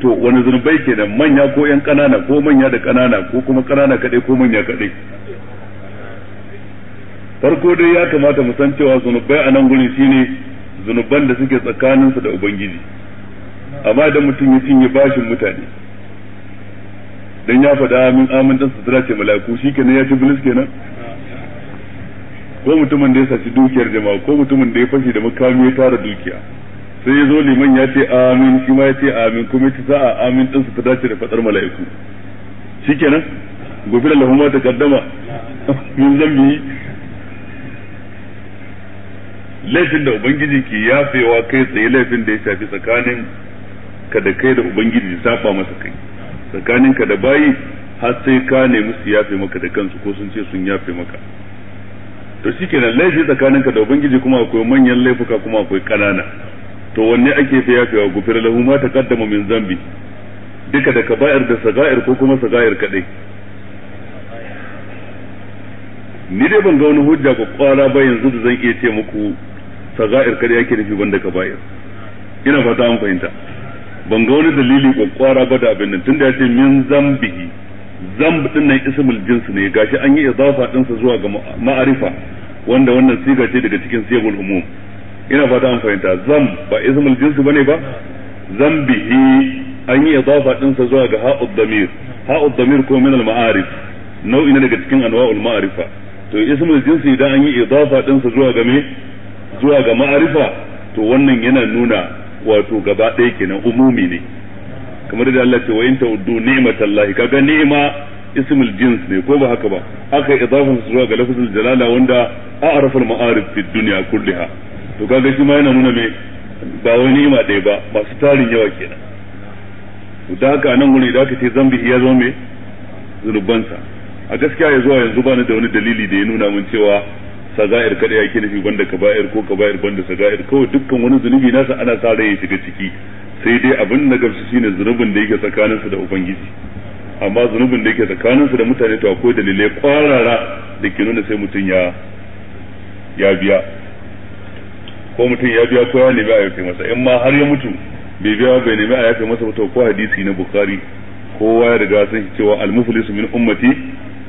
to wani zunubai kenan manya ko yan kanana ko manya da kanana ko kuma kanana kadai ko manya kadai farko dai ya kamata mu san cewa zunubai a nan gurin shine zunuban da suke tsakaninsa da ubangiji amma idan mutum ya cinye bashin mutane dan ya faɗa min amin dan sutura ce mala'iku shikenan ya ci bilis kenan ko mutumin da ya saci dukiyar jama'a ko mutumin da ya fashe da makami ya tara dukiya sai ya zo liman ya ce amin shi ma ya ce amin kuma ya ce sa'a amin din ta dace da fadar mala'iku shikenan da lahu ta kaddama min zambi laifin da ubangiji ke yafewa kai tsaye laifin da ya shafi tsakanin ka da kai da ubangiji saba masa kai tsakanin ka da bayi har sai ka nemi su yafe maka da kansu ko sun ce sun yafe maka to shi nan laifi tsakaninka da ubangiji kuma akwai manyan laifuka kuma akwai kanana to wanne ake fi yafewa gufira lahu ma taqaddama min zambi duka da kaba'ir da saga'ir ko kuma saga'ir kadai ni dai ban ga wani hujja ko kwara ba yanzu da zan iya ce muku saga'ir kadai yake nufi banda kaba'ir ina fata an fahimta ban ga wani dalili ko kwara ba da abin nan tunda ya ce min zambi zamb din nan ismul jins ne gashi an yi izafa din sa zuwa ga ma'arifa wanda wannan siga ce daga cikin sigul umum ina fata an fahimta zamb ba ismul jins bane ba zambihi an yi izafa din sa zuwa ga ha'ud damir ha'ud damir ko min al ma'arif nau'i ne daga cikin anwa'ul ma'arifa to ismul jins idan an yi izafa din sa zuwa ga me zuwa ga ma'arifa to wannan yana nuna wato gaba ɗaya kenan umumi ne kamar da Allah ce wa in ta'uddu ni'matallahi kaga ni'ma ismul jins ne ko ba haka ba aka idafa su zuwa ga lafzul jalala wanda a'rafa al-ma'arif fi dunya kulliha to kaga shi ma yana nuna me ba wani ni'ma dai ba masu tarin yawa kenan da haka nan gurin da ka ce zambi ya zo me zunubansa a gaskiya ya zuwa yanzu ba ni da wani dalili da ya nuna mun cewa sagair kada yake nufi banda kaba'ir ko kaba'ir banda sagair kawai dukkan wani zunubi nasa ana sa rai ya shiga ciki sai dai abin na gamsu shine zunubin da yake tsakaninsu da ubangiji amma zunubin da yake tsakaninsu da mutane to akwai dalilai kwarara da ke nuna sai mutum ya ya biya ko mutum ya biya ko ya nemi a yafe masa in ma har ya mutu bai biya bai nemi a yafe masa to ko hadisi na bukhari kowa ya riga sun cewa almuflisu min ummati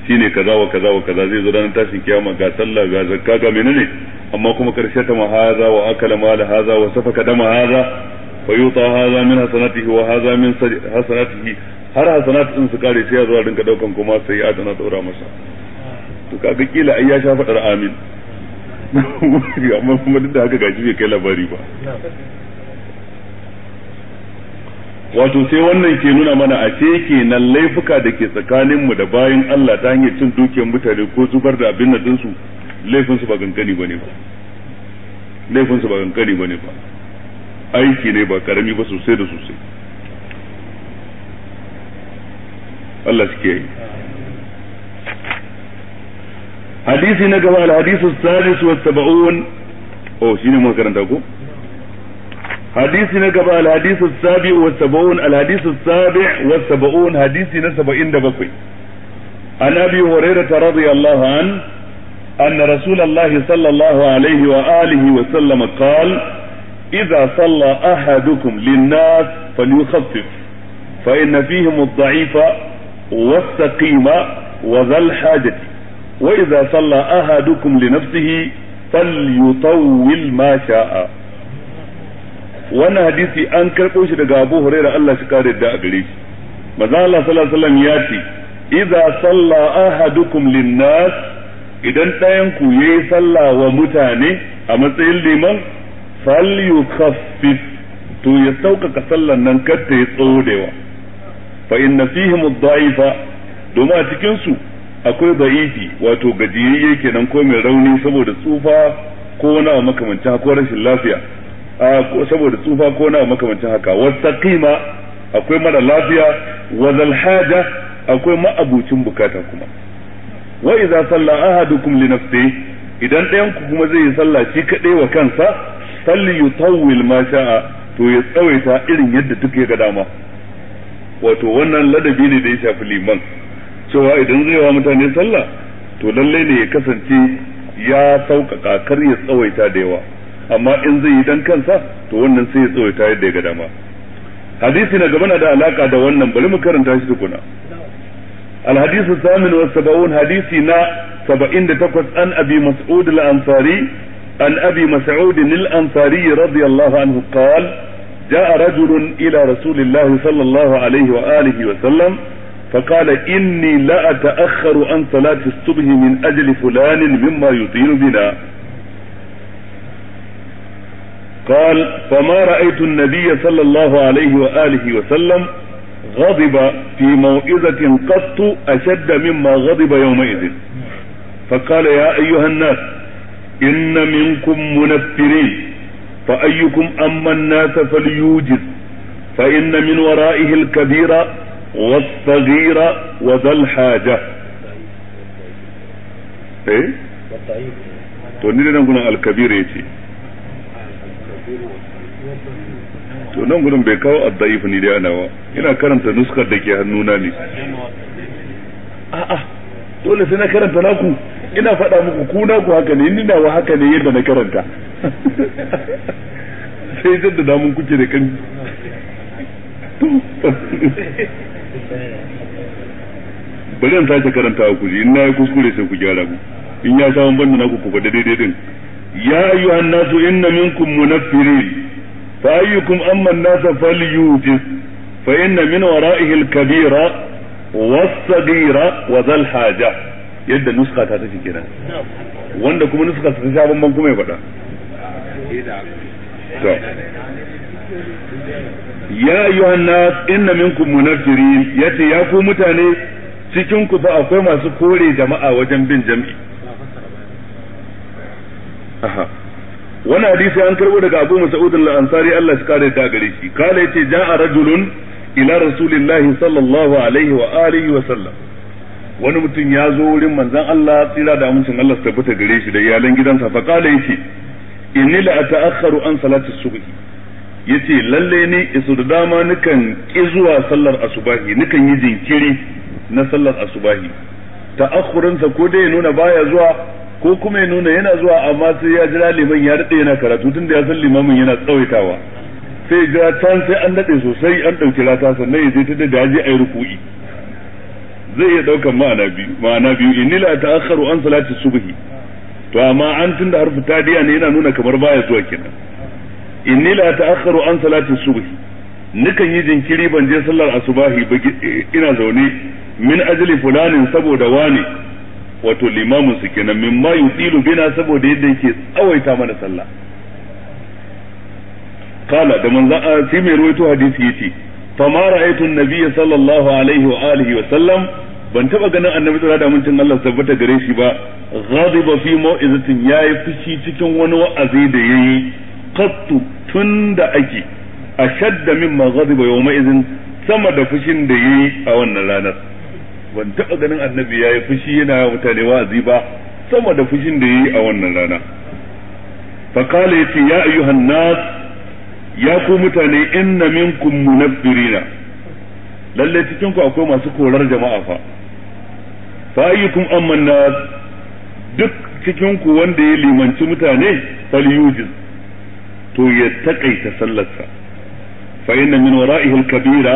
shine kaza wa kaza wa kaza zai zo ranar tashin kiyama ga sallah ga zakka ga menene amma kuma karshe ta ma haza wa akala mala haza wa safaka dama haza فيوطى هذا من حسناته وهذا من حسناته min حسنات har hasanat din su kare sai كما سيئاتنا daukan kuma sai ya tana daura masa to kaga kila ai ya amin [laughs] amma kuma duk da haka gaji bai kai labari ba wato sai wannan ke nuna mana a ce kenan laifuka da ke tsakaninmu da bayan Allah ta hanyar cin dukiyar mutane ko zubar da abin nan su laifinsu ba gangani bane ba laifinsu ba gangani bane ba aiki ne ba karami ba sosai da sosai Allah shi ke hadisi na gaba al-hadisu sadis wa sab'un oh shine mu karanta ko hadisi na gaba al-hadisu sabi wa sab'un al-hadisu sabi wa sab'un hadisi na 77 an abi hurairah radiyallahu an أن رسول sallallahu alaihi wa alihi wa وسلم قال إذا صلى أحدكم للناس فليخفف فإن فيهم الضعيف والسقيم وذا الحاجة وإذا صلى أحدكم لنفسه فليطول ما شاء wannan hadisi an karɓo shi daga Abu Huraira Allah shi kare da a gare shi manzo Allah sallallahu alaihi wasallam ya ce idza salla ahadukum linnas idan ɗayanku ku yayi wa mutane a matsayin liman kafif to ya sauƙaƙa sallan nan kadda ya yi tsawo da yawa fa inna fihim ad domin a cikin su akwai da'ifi wato gajiyayye kenan ko mai rauni saboda tsufa ko wani makamancin ko rashin lafiya saboda tsufa ko abu makamancin haka kima akwai mara lafiya wa haja akwai ma'abucin bukata kuma wa idza salla ahadukum li nafsihi idan ɗayan ku kuma zai yi sallah shi kadai wa kansa falyutawwil ma sha'a to ya tsawaita irin yadda take ga dama wato wannan ladabi ne da ya shafi liman cewa idan zai wa mutane sallah to lalle ne ya kasance ya sauƙaƙa kar ya tsawaita da yawa amma in zai yi dan kansa to wannan sai ya tsawaita yadda ya ga dama hadisi na gaba na da alaka da wannan bari mu karanta shi tukuna الحديث الثامن والسبعون حديثنا سبعين an abi أبي مسعود الأنصاري عن ابي مسعود الانصاري رضي الله عنه قال جاء رجل الى رسول الله صلى الله عليه واله وسلم فقال اني لاتاخر عن صلاه الصبح من اجل فلان مما يطيل بنا قال فما رايت النبي صلى الله عليه واله وسلم غضب في موعظه قط اشد مما غضب يومئذ فقال يا ايها الناس inna minkum munaffirin fa ayyukum amman nasa falyujiz fa inna min wara'ihi al-kabira was haja to ni nan gunan al yace to nan gurin bai kawo ad ni da ba ina karanta nuskar da ke hannuna ne a'a dole sai na karanta naku ina faɗa muku ku naku haka ne ni nawa haka ne yadda na karanta [laughs] sai da mun kuke da kan [laughs] bari an sake karanta ku ji in na yi kuskure sai ku gyara mu in ya samu banda naku ku faɗa daidai din ya ayyuhan nasu inna minkum munafirin fa ayyukum amma an-nasa falyutis fa inna min wara'ihi al-kabira was-sagira wa zal haja yadda nuska ta take kenan wanda kuma nuska ta sha bamban kuma ya faɗa ya ayyuhan nas inna minkum munaffirin yace ya ku mutane cikin ku ba akwai masu kore jama'a wajen bin jami'i. aha wannan hadisi an karbo daga Abu Mas'ud al-Ansari Allah shi kare da gare shi kale yace ja'a rajulun ila رسول sallallahu alaihi الله عليه wa sallam wani mutum ya zo wurin manzon Allah tsira da amincin Allah su tabbata gare shi da iyalan gidansa fa kala yace inni la ata'akhkharu an salati subhi yace lalle ne isu da dama nukan ki zuwa sallar asubahi nukan yi jinkiri na sallar asubahi sa ko dai ya nuna baya zuwa ko kuma ya nuna yana zuwa amma sai ya jira liman ya rade yana karatu tunda da ya san limamin yana tsawaitawa sai jira can sai an daɗe sosai an ɗauki rata sannan ya je ta da daji a yi ruku'i zai iya ɗaukan ma'ana biyu ma'ana biyu inni la ta'akharu an salati subhi to amma an tunda harfi tadiya ne yana nuna kamar baya zuwa kenan inni la ta'akharu an salati subhi nukan yi jinkiri ban je sallar asubahi ba ina zaune min ajli fulanin saboda wani wato limamin su kenan min ma yutilu bina saboda yadda yake tsawaita mana sallah kala da manzo shi mai ruwaito hadisi yace fa ma ra'aytu an-nabiyya sallallahu alaihi wa alihi wa sallam ban taba ganin annabi tsara da mutun Allah tabbata gare shi ba ghadiba fi mau'izatin yayi fushi cikin wani wa'azi da yayi qattu tunda ake ashadda mimma ghadiba yawma idin sama da fushin da yayi a wannan ranar ban taba ganin annabi yayi fushi yana mutane wa'azi ba sama da fushin da yayi a wannan rana fa qala ya ayyuhan nas ya ku mutane inna minkum munabbirina lalle cikin ku akwai masu korar jama'a fa fa ayyukum amman nas duk cikin ku wanda ya limanci mutane falyujiz to ya takaita sallarsa fa inna min wara'ihi al-kabira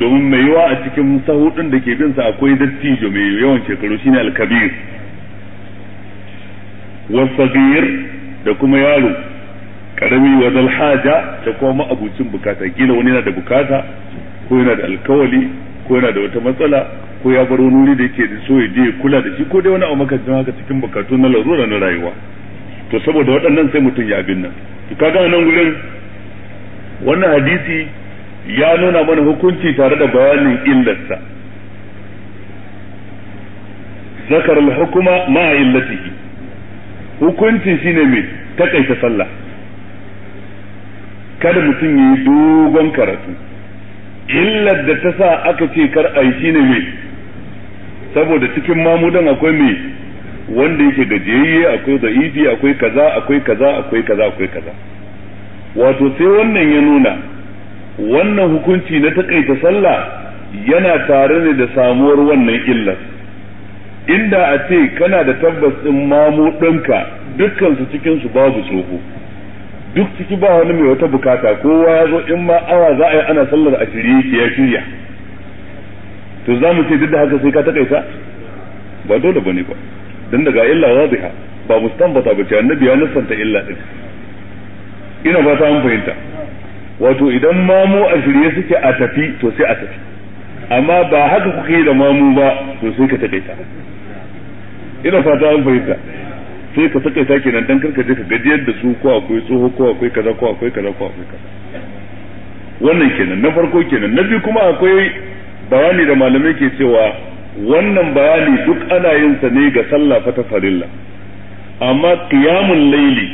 domin mai yawa a cikin sahudin da ke bin sa akwai dattijo mai yawan shekaru shine al-kabir wasagir da kuma yaro karami wa haja da kuma ma'abucin bukata gina wani yana da bukata ko yana da alkawali ko yana da wata matsala ko ya bar wani wuri da yake da so ya je kula da shi ko dai wani abu makamancin haka cikin bukatu na larura na rayuwa to saboda waɗannan sai mutum ya abin nan to kaga nan gurin wannan hadisi ya nuna mana hukunci tare da bayanin illarsa zakar al-hukuma ma illatihi hukunci shine mai takaita sallah kada mutum ya yi dogon karatu illar da ta sa aka ce kar a yi shi ne mai saboda cikin mamudan akwai mai wanda yake gajiyayye akwai za'ifi akwai kaza akwai kaza akwai kaza akwai kaza wato sai wannan ya nuna wannan hukunci na takaita sallah yana tare ne da samuwar wannan illar inda a ce kana da tabbas din mamudanka dukkan su cikin su babu tsoho duk ciki ba wani mai wata bukata kowa ya zo in ma awa za a yi ana sallar a shirye ya shirya to za mu ce duk da haka sai ka takaita ba dole bane ba dan daga illa wadiha ba mu mustanbata ba ce annabi ya nufanta illa din ina ba ta fahimta wato idan mamu a shirye suke a tafi to sai a tafi amma ba haka kuke da mamu ba to sai ka takaita ina fata an fahimta sai ka saka saki nan dan karka je ka gajiyar da su ko akwai tsoho ko akwai kaza ko akwai kaza ko akwai kaza wannan kenan na farko kenan na biyu kuma akwai bayani da malamai ke cewa wannan bayani duk ana yin sa ne ga sallah fa ta farilla amma qiyamul layli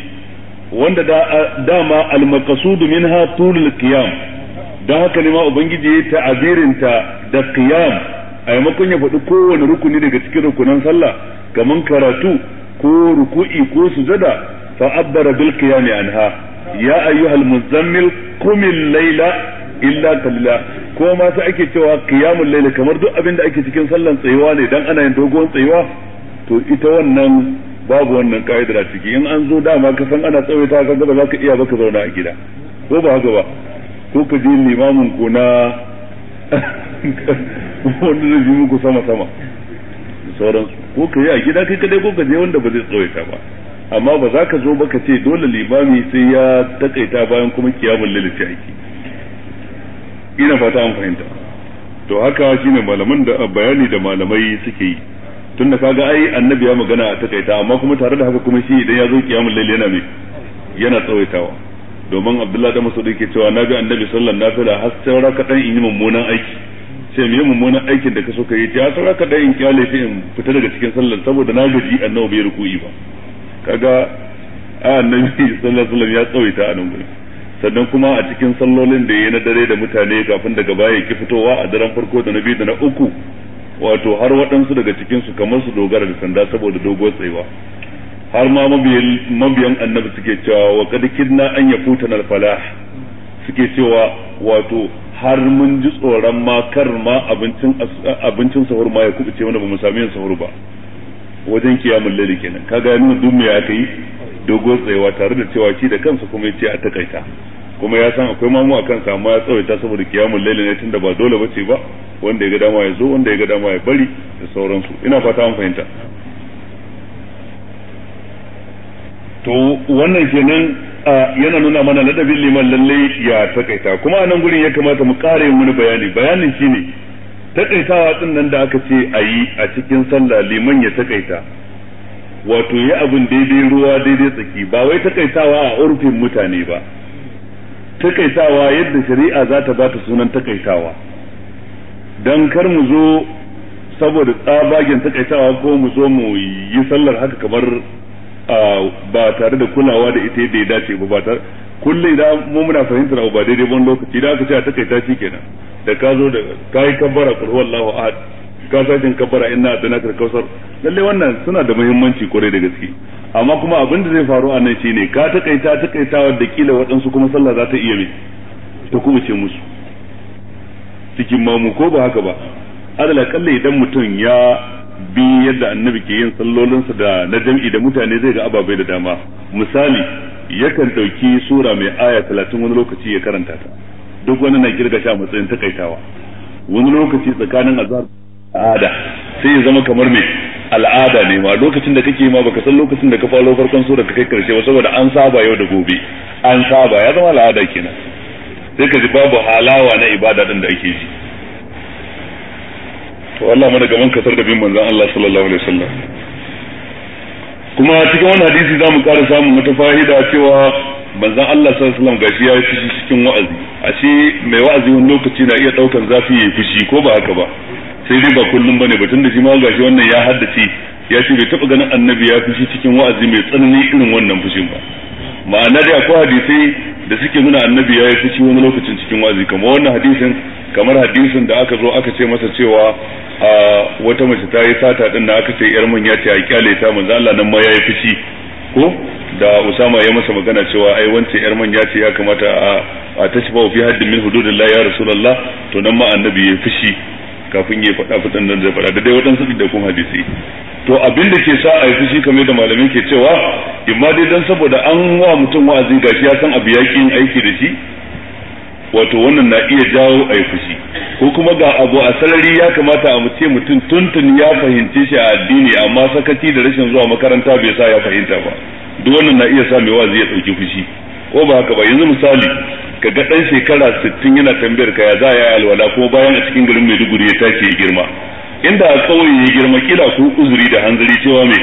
wanda da dama al maqsud minha tulul qiyam dan haka ne ma ubangiji ya ta'azirin ta da qiyam a ya faɗi kowane rukuni daga cikin rukunan sallah kaman karatu ko ruku'i ko sujada fa abbara bil qiyam anha ya ayyuhal muzammil qum al-layla illa qalila ko ma sai ake cewa qiyamul layl kamar duk abin da ake cikin sallan tsayuwa ne dan ana yin dogon tsayuwa to ita wannan babu wannan ka'idar a ciki in an zo dama ka san ana tsawaita ka gaba za ka iya baka zauna a gida ko ba haka ba ko ka je limamin ku na [laughs] wanda zai muku sama sama sauransu ko ka yi a gida kai kadai ko ka je wanda ba zai tsawaita ba amma ba za ka zo ba ka ce dole limami sai ya takaita bayan kuma kiyamun lalace aiki ina fata an fahimta to haka shine malaman da bayani da malamai suke yi tun kaga ai annabi ya magana a takaita amma kuma tare da haka kuma shi idan ya zo kiyamun lalle yana mai yana tsawaitawa domin abdullahi da masudi ke cewa na bi annabi sallallahu alaihi wasallam har hasken raka dan in yi mummunan aiki sai me mummunan aikin da ka so ka yi ya saura ka in kyale sai in fita daga cikin sallar saboda na gaji annabi bai ruku'i ba kaga annabi [laughs] sallallahu alaihi wasallam ya tsawaita a nan gurin sannan kuma a cikin sallolin da ya na dare da mutane kafin daga baya ki fitowa a daren farko da na biyu da na uku wato har waɗansu daga cikinsu kamar su dogara da sanda saboda doguwar tsayuwa har ma mabiyan annabi suke cewa wa kadikin na an futa na falah suke cewa wato har mun ji tsoron ma kar ma abincin abincin sahur ma ya kubuce mana ba mu sami yin sahur ba wajen kiyamun lalle kenan ka gani nuna duk ya aka yi dogon tsayawa tare da cewa shi da kansa kuma ya ce a takaita kuma ya san akwai mamu a kansa amma ya tsawaita saboda kiyamun lalle ne tunda ba dole ba ce ba wanda ya ga dama ya zo wanda ya ga dama ya bari da sauransu ina fata an fahimta to wannan kenan yana nuna mana ladabin liman lalle ya takaita kuma a nan gurin ya kamata mu ƙara yin wani bayani bayanin shine takaitawa din nan da aka ce a yi a cikin sallah liman ya takaita wato ya abin daidai ruwa daidai tsaki ba wai takaitawa a urfin mutane ba takaitawa yadda shari'a za ta ba ta sunan takaitawa dan kar mu zo saboda tsabagen takaitawa ko mu zo mu yi sallar haka kamar ba tare da kulawa da ita yadda ya dace ba ba tare kullum idan mu muna fahimtar abu ba daidai ban lokaci idan aka ce a takaita shi kenan da ka zo da ka yi kabbara qul huwallahu ahad ka sajin kabbara inna atanaka kausar lalle wannan suna da muhimmanci kwarai da gaske amma kuma abin da zai faru a nan shine ka takaita takaitawa da kila waɗansu kuma sallah za ta iya mai ta ce musu cikin mamu ko ba haka ba adala kalle idan mutum ya bi yadda annabi ke yin sallolinsa da na jam'i da mutane zai ga ababai da dama misali yakan ɗauki sura mai aya talatin wani lokaci ya karanta ta duk wani na kirga shi a matsayin takaitawa wani lokaci tsakanin azhar al'ada sai ya zama kamar mai al'ada ne ma lokacin da kake ma baka san lokacin da ka fara farkon sura ka kai karshe ba saboda an saba yau da gobe an saba ya zama al'ada kenan sai ka ji babu halawa na ibada din da ake ji to Allah mana gaban kasar da bin manzon Allah sallallahu alaihi wasallam kuma cikin wannan hadisi zamu ƙara samun wata fa'ida cewa manzon Allah sallallahu alaihi wasallam gashi ya cikin wa'azi ashe mai wa'azi wani lokaci na iya daukan zafi ya fushi ko ba haka ba sai dai ba kullum bane batun da shi ma gashi wannan ya haddace ya ce bai taba ganin annabi ya fushi cikin wa'azi mai tsanani irin wannan fushin ba ma'ana dai akwai hadisai da suke nuna annabi ya yi fushi wani lokacin cikin wazi kamar wannan hadisin kamar hadisin da aka zo aka ce masa cewa a wata mace ta yi sata din da aka ce yar manya ce a kyale ta manzo Allah nan ma ya yi fushi ko da Usama ya masa magana cewa ai wance yar manya ce ya kamata a a ba fi haddin min hududillah ya rasulullah to nan ma annabi ya yi fushi kafin ya faɗa fitan nan zai faɗa da dai waɗansu da kuma hadisi to abin da ke sa a yi fushi kamar da malamai ke cewa imma dai dan saboda an wa mutum wa'azi gashi ya san abu yaƙi yin aiki da shi wato wannan na iya jawo a yi fushi ko kuma ga abu a sarari ya kamata a mace mutum tuntun ya fahimce shi a addini amma sakaci da rashin zuwa makaranta bai sa ya fahimta ba duk wannan na iya sa mai wa'azi ya ɗauki fushi ko ba haka ba yanzu misali ka ga dan shekara 60 yana tambayar ka ya za ya alwala kuma bayan a cikin garin Maiduguri ya tashi ya girma inda a kauye ya girma kila ko uzuri da hanzari cewa me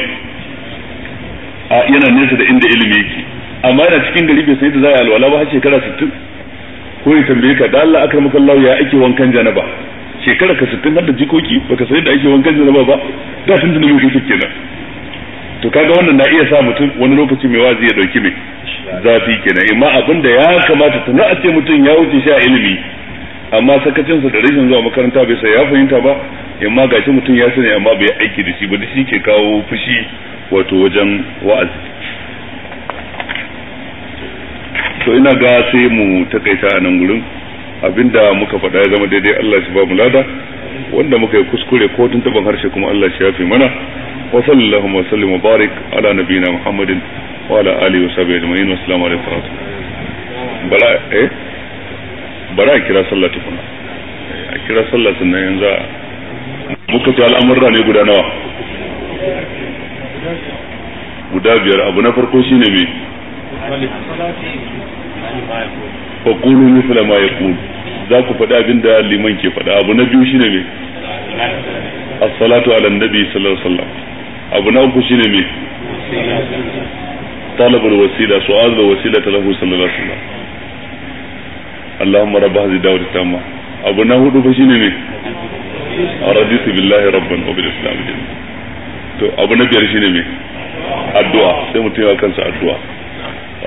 a yana nesa da inda ilimi yake amma yana cikin gari bai sai da za ya alwala ba har shekara 60 ko ya tambaye ka da Allah akramaka Allah ya ake wankan janaba shekara ka 60 har da jikoki baka sai da ake wankan janaba ba da tun da mu kake kenan to kaga wannan na iya sa mutum wani lokaci mai wazi ya dauki mai zafi kenan amma abin da ya kamata tunan a ce mutum ya wuce shi a ilimi amma sakacinsa da rashin zuwa makaranta bai sai ya fahimta ba imma gashi mutum ya sani amma bai aiki da shi ba da shi ke kawo fushi wato wajen wa'azi to ina ga sai mu takaita a nan gurin abinda muka faɗa ya zama daidai Allah shi ba mu lada wanda muka yi kuskure ko tun taɓa harshe kuma Allah shi ya fi mana وصلى اللهم وسلم وبارك على نبينا محمد وعلى اله وصحبه اجمعين والسلام عليكم ورحمه الله بلا ايه بلا كرا sallah تكون a kira sallah ينزا yanzu muka al'amurra ne guda nawa guda biyar abu na farko shine me fa qulu mithla ma yaqul za ku faɗa abin da liman ke faɗa abu na biyu shine me as-salatu ala nabi sallallahu alaihi abu na uku shine me talabul wasila su'al da wasila ta lahu sallallahu alaihi wasallam Allahumma rabb hadhihi da'wati tamma abu na hudu fa shine me raditu billahi rabban wa bil islam dinan to abu na biyar shine me addu'a sai mutum ya kansa addu'a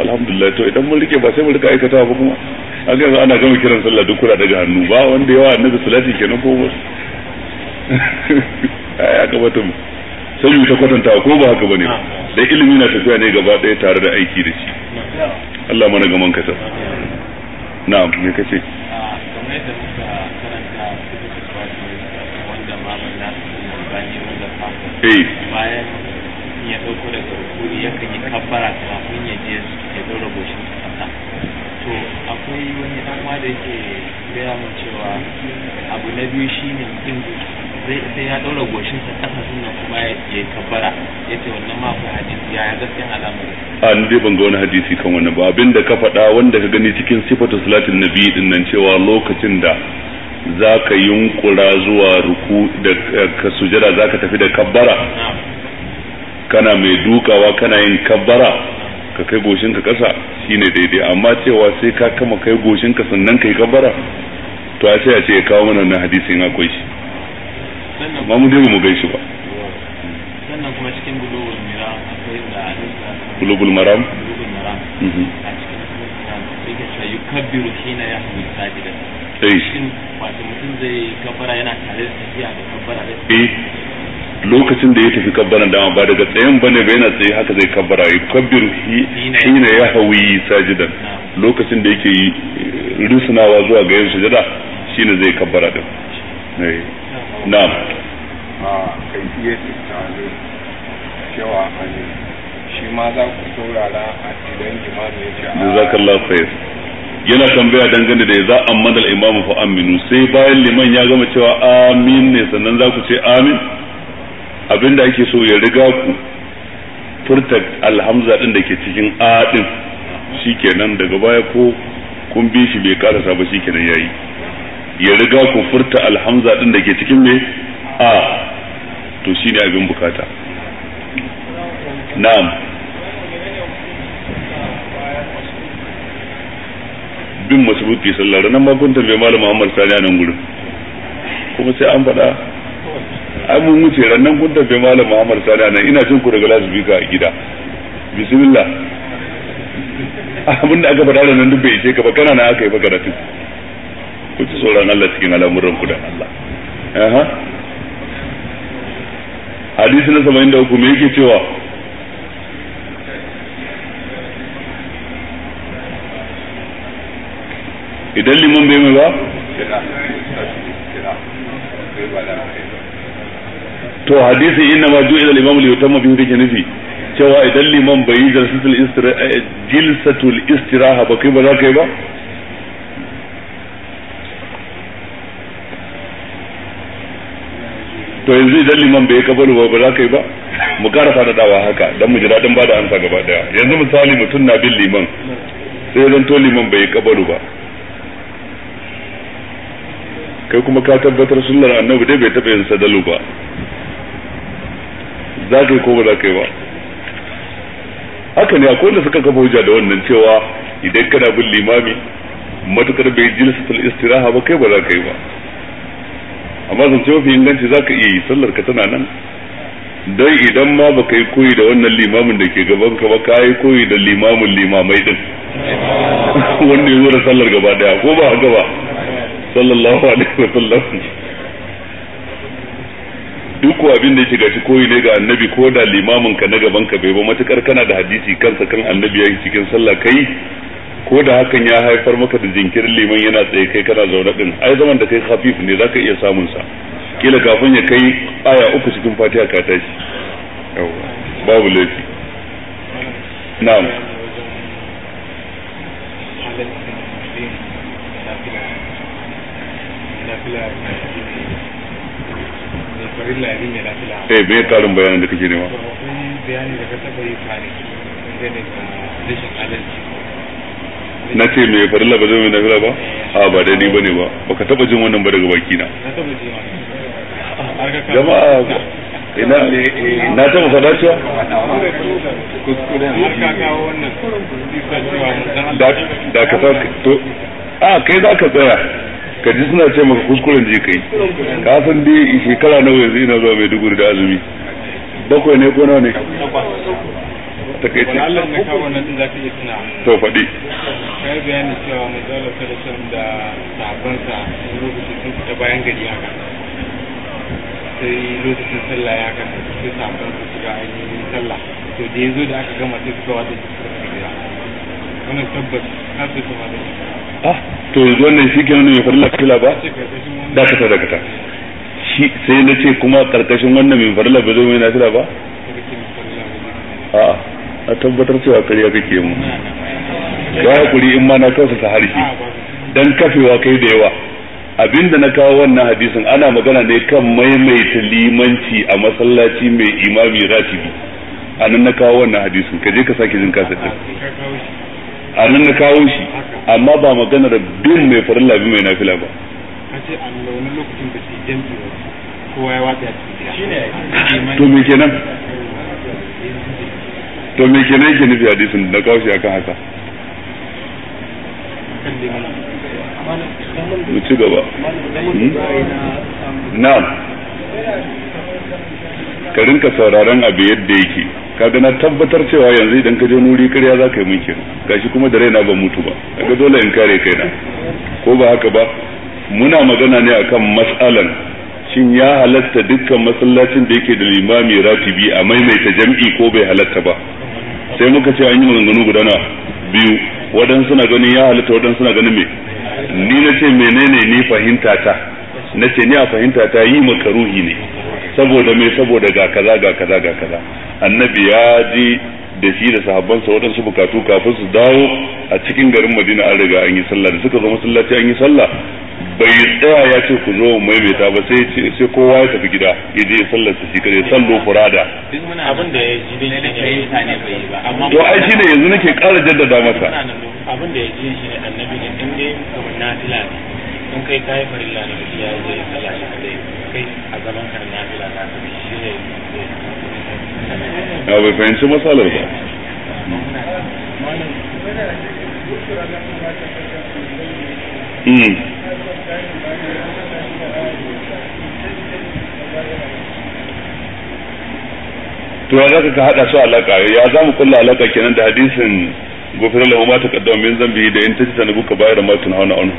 alhamdulillah to idan mun rike ba sai mun rika aikata ba kuma a ga ana gama kiran sallah duk daga hannu ba wanda yawa annabi kenan ko ba [laughs] sai ta kwatanta ko ba haka bane ah. dai ilimi na tafiya ne gaba ɗaya tare da aiki da shi Allah mana gaman kasar na'am me kace kamar eh. yadda muka karanta wanda ma ban da wanda fa bayan ya dauko daga rukuni yakan yi kabbara kafin ya je ya dora goshin kasa to akwai wani dan da yake gaya mun cewa abu na biyu shine yin sai ya ɗaura goshinsa ƙasa ku ba ya yi kabbara ya ce wannan ma ku hadisi ya ya gaskiyan al'amari a ni dai ban ga wani hadisi kan wannan ba abinda ka faɗa wanda ka gani cikin sifatu salatin nabi din nan cewa lokacin da za ka yunkura zuwa ruku da eh, ka sujada za ka tafi da kabbara kana mai dukawa kana yin kabbara ka kai goshinka ƙasa shine daidai amma cewa sai ka kama kai goshin ka sannan kai kabbara to a sai a ce ya kawo mana wannan hadisin akwai shi amma mu dai ba mu gan shi ba sannan kuma cikin bulugul maram akwai da bulugul maram mhm. a cikin maram. yake cewa yukabbiru hina ya hamdu sajidan shin wato mutum zai kabbara yana tare da tafiya da kabbara da eh lokacin da ya tafi kabbaran dama ba daga tsayen bane ba yana tsaye haka zai kabbara yukabbiru hina ya hawi sajidan lokacin da yake eh, rusunawa zuwa ga yin sujada shine zai kabbara din eh. cewa ne shi ma za ku saurara a ah. yana tambaya dangane da za a madal imamu fa aminu sai bayan liman ya gama cewa amin ne sannan za ku ce amin abinda ake so ya riga ku furta alhamza din da ke cikin a din shikenan daga baya ko kun bi shi bai karasa ba shikenan yayi ya riga ku furta alhamza din da ke cikin me a to shine abin bukata na'am bin masubuti sallara nan ma kun tambaye malam Muhammad Sani nan gurin kuma sai an faɗa ai mun wuce rannan kun tambaye malam Muhammad Sani nan ina jin ku daga bika a gida bismillah abinda da aka faɗa nan duk bai ce ka ba kana na aka yi ba karatu kuke sauran Allah cikin al'amuran ku da Allah aha hadisi na 73 me yake cewa idan liman bai mai ba to hadisi inna ma ju'ila al-imam li yutamma bihi kake nufi cewa idan liman bai yi jalsatul eh, jilsatul istiraha ba kai ba za ka yi ba to yanzu idan liman bai kabaru ba ba za ka yi ba mu ƙara dawa haka dan mu ji daɗin ba da amsa gaba daya yanzu misali mutum na bin liman sai zan to liman bai kabaru ba kai kuma ka tabbatar sunnar annabi dai bai taɓa yin sadalu ba za ka yi ko ba za ka yi ba haka ne akwai da suka kafa hujja da wannan cewa idan kana bin limami matukar bai jilsatul istiraha ba kai ba za ka yi ba amma zan ce mafi inganci za ka iya yi sallar ka tana nan don idan ma ba ka yi koyi da wannan limamin da ke gaban ka ba ka yi koyi da limamin limamai din [laughs] wanda ya zura sallar gaba daya ko ba haka ba sallallahu alaihi wa sallam duk abin da yake gashi koyi ne ga annabi ko da limamin ka na gaban ka bai ba matukar kana da hadisi kansa kan annabi yake cikin sallah kai ko da hakan ya haifar maka da jinkirin liman yana tsaye kai kana zaune din ai zaman da kai khafif ne zaka iya samun sa kila kafin ya kai aya uku cikin fatiha ka tashi babu laifi na'am eh bai karin bayanin da kake nema bayanin da ka taba yi kare da rashin adalci na ce mai farilla ba zai mai nafila ba a ba da ba ne ba baka taba jin wannan ba daga baki na jama'a ina na taba faɗa cewa da ka sa to a kai za ka tsaya ka ji suna ce maka kuskuren je kai ka san dai shekara nawa yanzu ina zuwa mai duguri da azumi bakwai ne ko nawa ne takaice wannan na kawo nan din zaka iya tuna to faɗi kai bayani cewa mun zalla sallallahu da sabon sa lokacin sun fita bayan gari haka sai lokacin sallah ya kan sai sabon su shiga ainihin sallah to da yazo da aka gama sai suka wata gida wannan tabbas har sai kuma da ah to yanzu wannan shi ke nuna mai fila ba da ka da ka shi sai na ce kuma karkashin wannan mai bai zo mai nafila ba a'a a tabbatar cewa karya kake mu ya hakuri in ma na ta harshe dan kafewa kai da yawa abinda na kawo wannan hadisin ana magana ne kan maimaita limanci a masallaci mai imami ratibi a na kawo wannan hadisin ka je ka sake jin kasa din a na kawo shi amma ba magana da bin mai farilla bin mai nafila ba to me kenan to me kenan yake nufi hadisin da kawo shi akan haka mu ci gaba na'am ka rinka sauraron abu yadda yake kaga na tabbatar cewa yanzu idan ka je nuri karya za ka yi minkin gashi kuma da raina ba mutu ba kaga dole in kare kaina ko ba haka ba muna magana ne akan matsalan shin ya halatta dukkan masallacin da yake da limami ratibi a maimaita jam'i ko bai halatta ba sai muka ce an yi maganganu guda na biyu wadan suna ganin ya halatta wadan suna ganin me ni na ce menene ni fahimta ta na ce ni a fahimta ta yi makaruhi ne saboda me saboda ga kaza ga kaza ga kaza annabi ya ji da shi da sahabbansa waɗansu bukatu kafin su dawo a cikin garin Madina an riga an yi sallah da suka zo masallaci an yi sallah bai tsaya ya ce ku zo maimaita ba sai sai kowa ya tafi gida ya je sallar su shi kare sallo furada duk muna abin da ya ji ne ne bai ba amma to ai shine yanzu nake ƙara jaddada masa abin da ya ji shi ne annabi ne in dai kamar nafila in kai kai farilla ne ya je sallah shi kai a zaman karnafila na shi ne Hmm. ya bai fahimci matsalar ba tuwa za ka hada su alaka ya za mu kulla alaka kenan da hadisin gofirar lamu ma ta min zambi da in ta ci tanabu ka bayar da martin hauna onu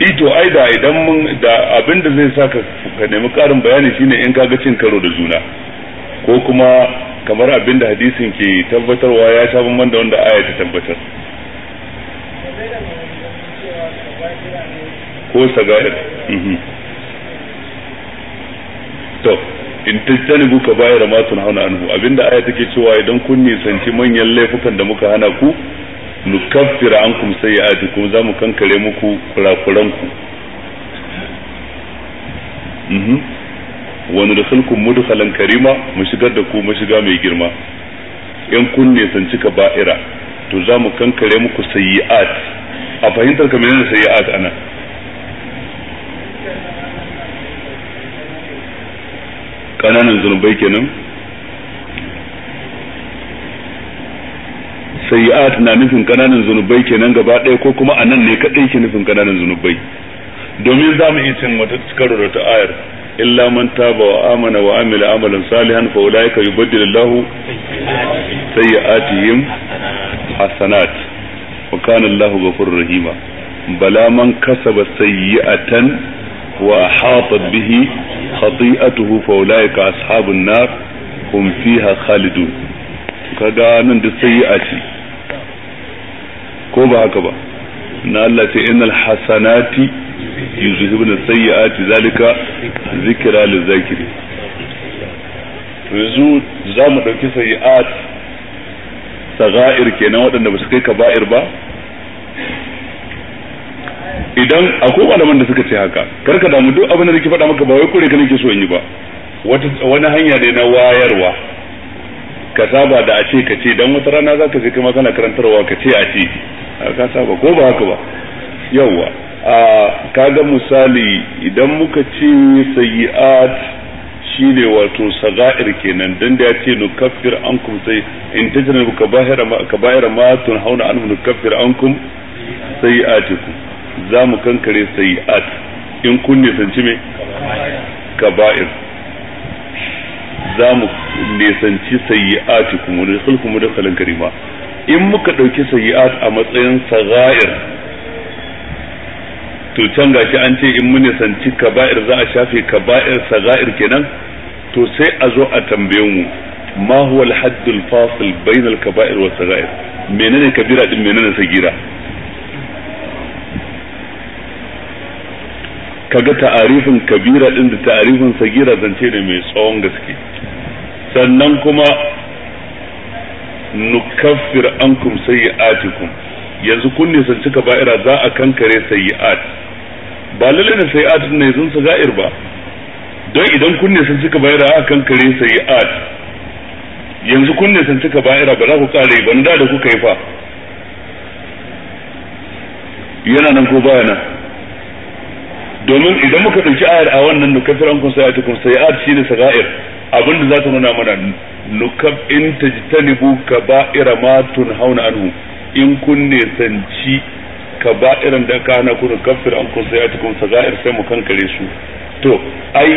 ito eh ai da idan mun da abin da zai saka ka nemi karin bayani shine in kaga cin karo da juna ko kuma kamar abin da hadisin ke tabbatarwa ya sha bamban da wanda aya ta tabbatar ko sagair mhm. to in tajtanibu kaba'ira ma hauna anhu abinda aya take cewa idan kun nisanci manyan laifukan da muka hana ku nukaffira ankum sayyi'atikum za mu kankare muku kurakuranku mhm wa nudkhilkum mudkhalan karima mu shigar da ku mashiga mai girma in kun ne san cika ba'ira to za mu kankare muku sayyi'at a fahimtar ka menene sayyi'at ana kananan zunubai kenan sayi'at na nufin kananan zunubai kenan gaba ɗaya ko kuma anan ne kadai ke nufin kananan zunubai domin za mu iya cin wata cikar da ta ayar illa man taba wa amana wa amila amalan salihan fa ulaika llahu sayi'atihim hasanat wa kana llahu ghafurur rahima bala man kasaba sayyi'atan wa ahatat bihi khati'atuhu fa ulaika ashabun nar hum fiha khalidun kaga nan da sayi'ati ci. ko ba haka ba na Allah ce innal hasanati yuzhibun sayyiati zalika zikra lil zakiri yanzu za mu dauki sayi'at sagair kenan waɗanda ba su kai kaba'ir ba idan akwai malaman da suka ce haka karka damu duk abin da nake faɗa maka ba wai kore ka nake so in yi ba wani hanya ne na wayarwa ka saba da a ce ka ce dan wata rana zaka je kuma kana karantarwa ka ce a ce ka saba ko ba haka ba yawa a ga misali idan muka ce shi shine wato saga'ir kenan dan da ya ce an ankum sai in ka bayar ma kaba'ira ma an anhu Sayi ankum teku za mu kankare sayiat in kun nisanci me kaba'ir za mu nisanci sayi'ati kuma da sulhu mu da salon karima in muka ɗauki sayyi'at a matsayin sagha'ir to can gashi an ce in mu nisanci kaba'ir za a shafe kaba'ir sagha'ir kenan to sai a zo a tambaye mu ma huwa al haddul fasil bayna al-kaba'ir wa sagha'ir menene kabira din menene sagira kaga ta'arifin kabira din da ta'arifin sagira zance ne mai tsawon gaske sannan kuma nukaffir ankum sayyi'atikum yanzu kun cika ba'ira za a kankare sayyi'at ba lalle ne sayyi'at ne sun sagair ba don idan kun cika ba'ira a kankare sayyi'at yanzu kun cika ba'ira ba za ku kare ba da da kuka yi fa yana nan ko bayana domin idan muka ɗauki ayar a wannan nukaffir ankum sayyi'atikum sayyi'at shine sagair abin da za ta nuna mana nukab in ka ba'ira ma hauna anhu in kun ne sanci ba'iran da ka hana kun kafir an kun sai atukum sagair sai mu kankare su to ai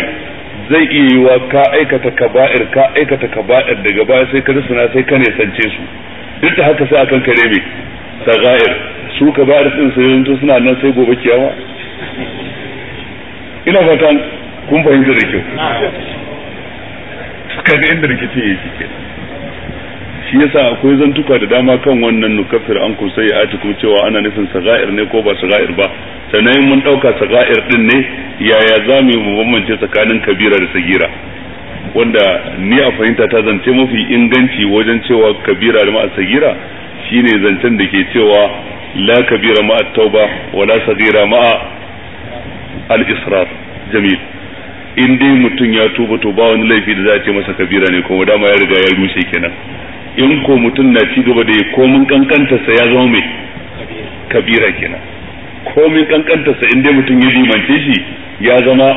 zai iya yi wa ka aikata kaba'ir ka aikata kaba'ir daga baya sai ka rusuna sai ka ne sance su duk da haka sai a kankare me sagair su kaba'ir din sai yanzu suna nan sai gobe kiyawa ina fatan kun fahimta da kyau [laughs] kaga inda rikicin yake ke shi yasa akwai zantuka da dama kan wannan nukafir an ku sai a kuma cewa ana nufin sagair ne ko ba sagair ba sannan mun dauka sagair din ne yaya za mu mu bambance tsakanin kabira da sagira wanda ni a fahimta ta zance mafi inganci wajen cewa kabira da ma'a sagira shine zancen da ke cewa la kabira ma'a tauba wala sagira ma'a al-israf jamil in dai mutum ya tuba to ba wani laifi da za a ce masa kabira ne kuma dama ya riga ya rushe kenan in ko mutum na ci gaba da ya komin kankantarsa ya zama mai kabira kenan komin kankantarsa in dai mutum ya limance shi ya zama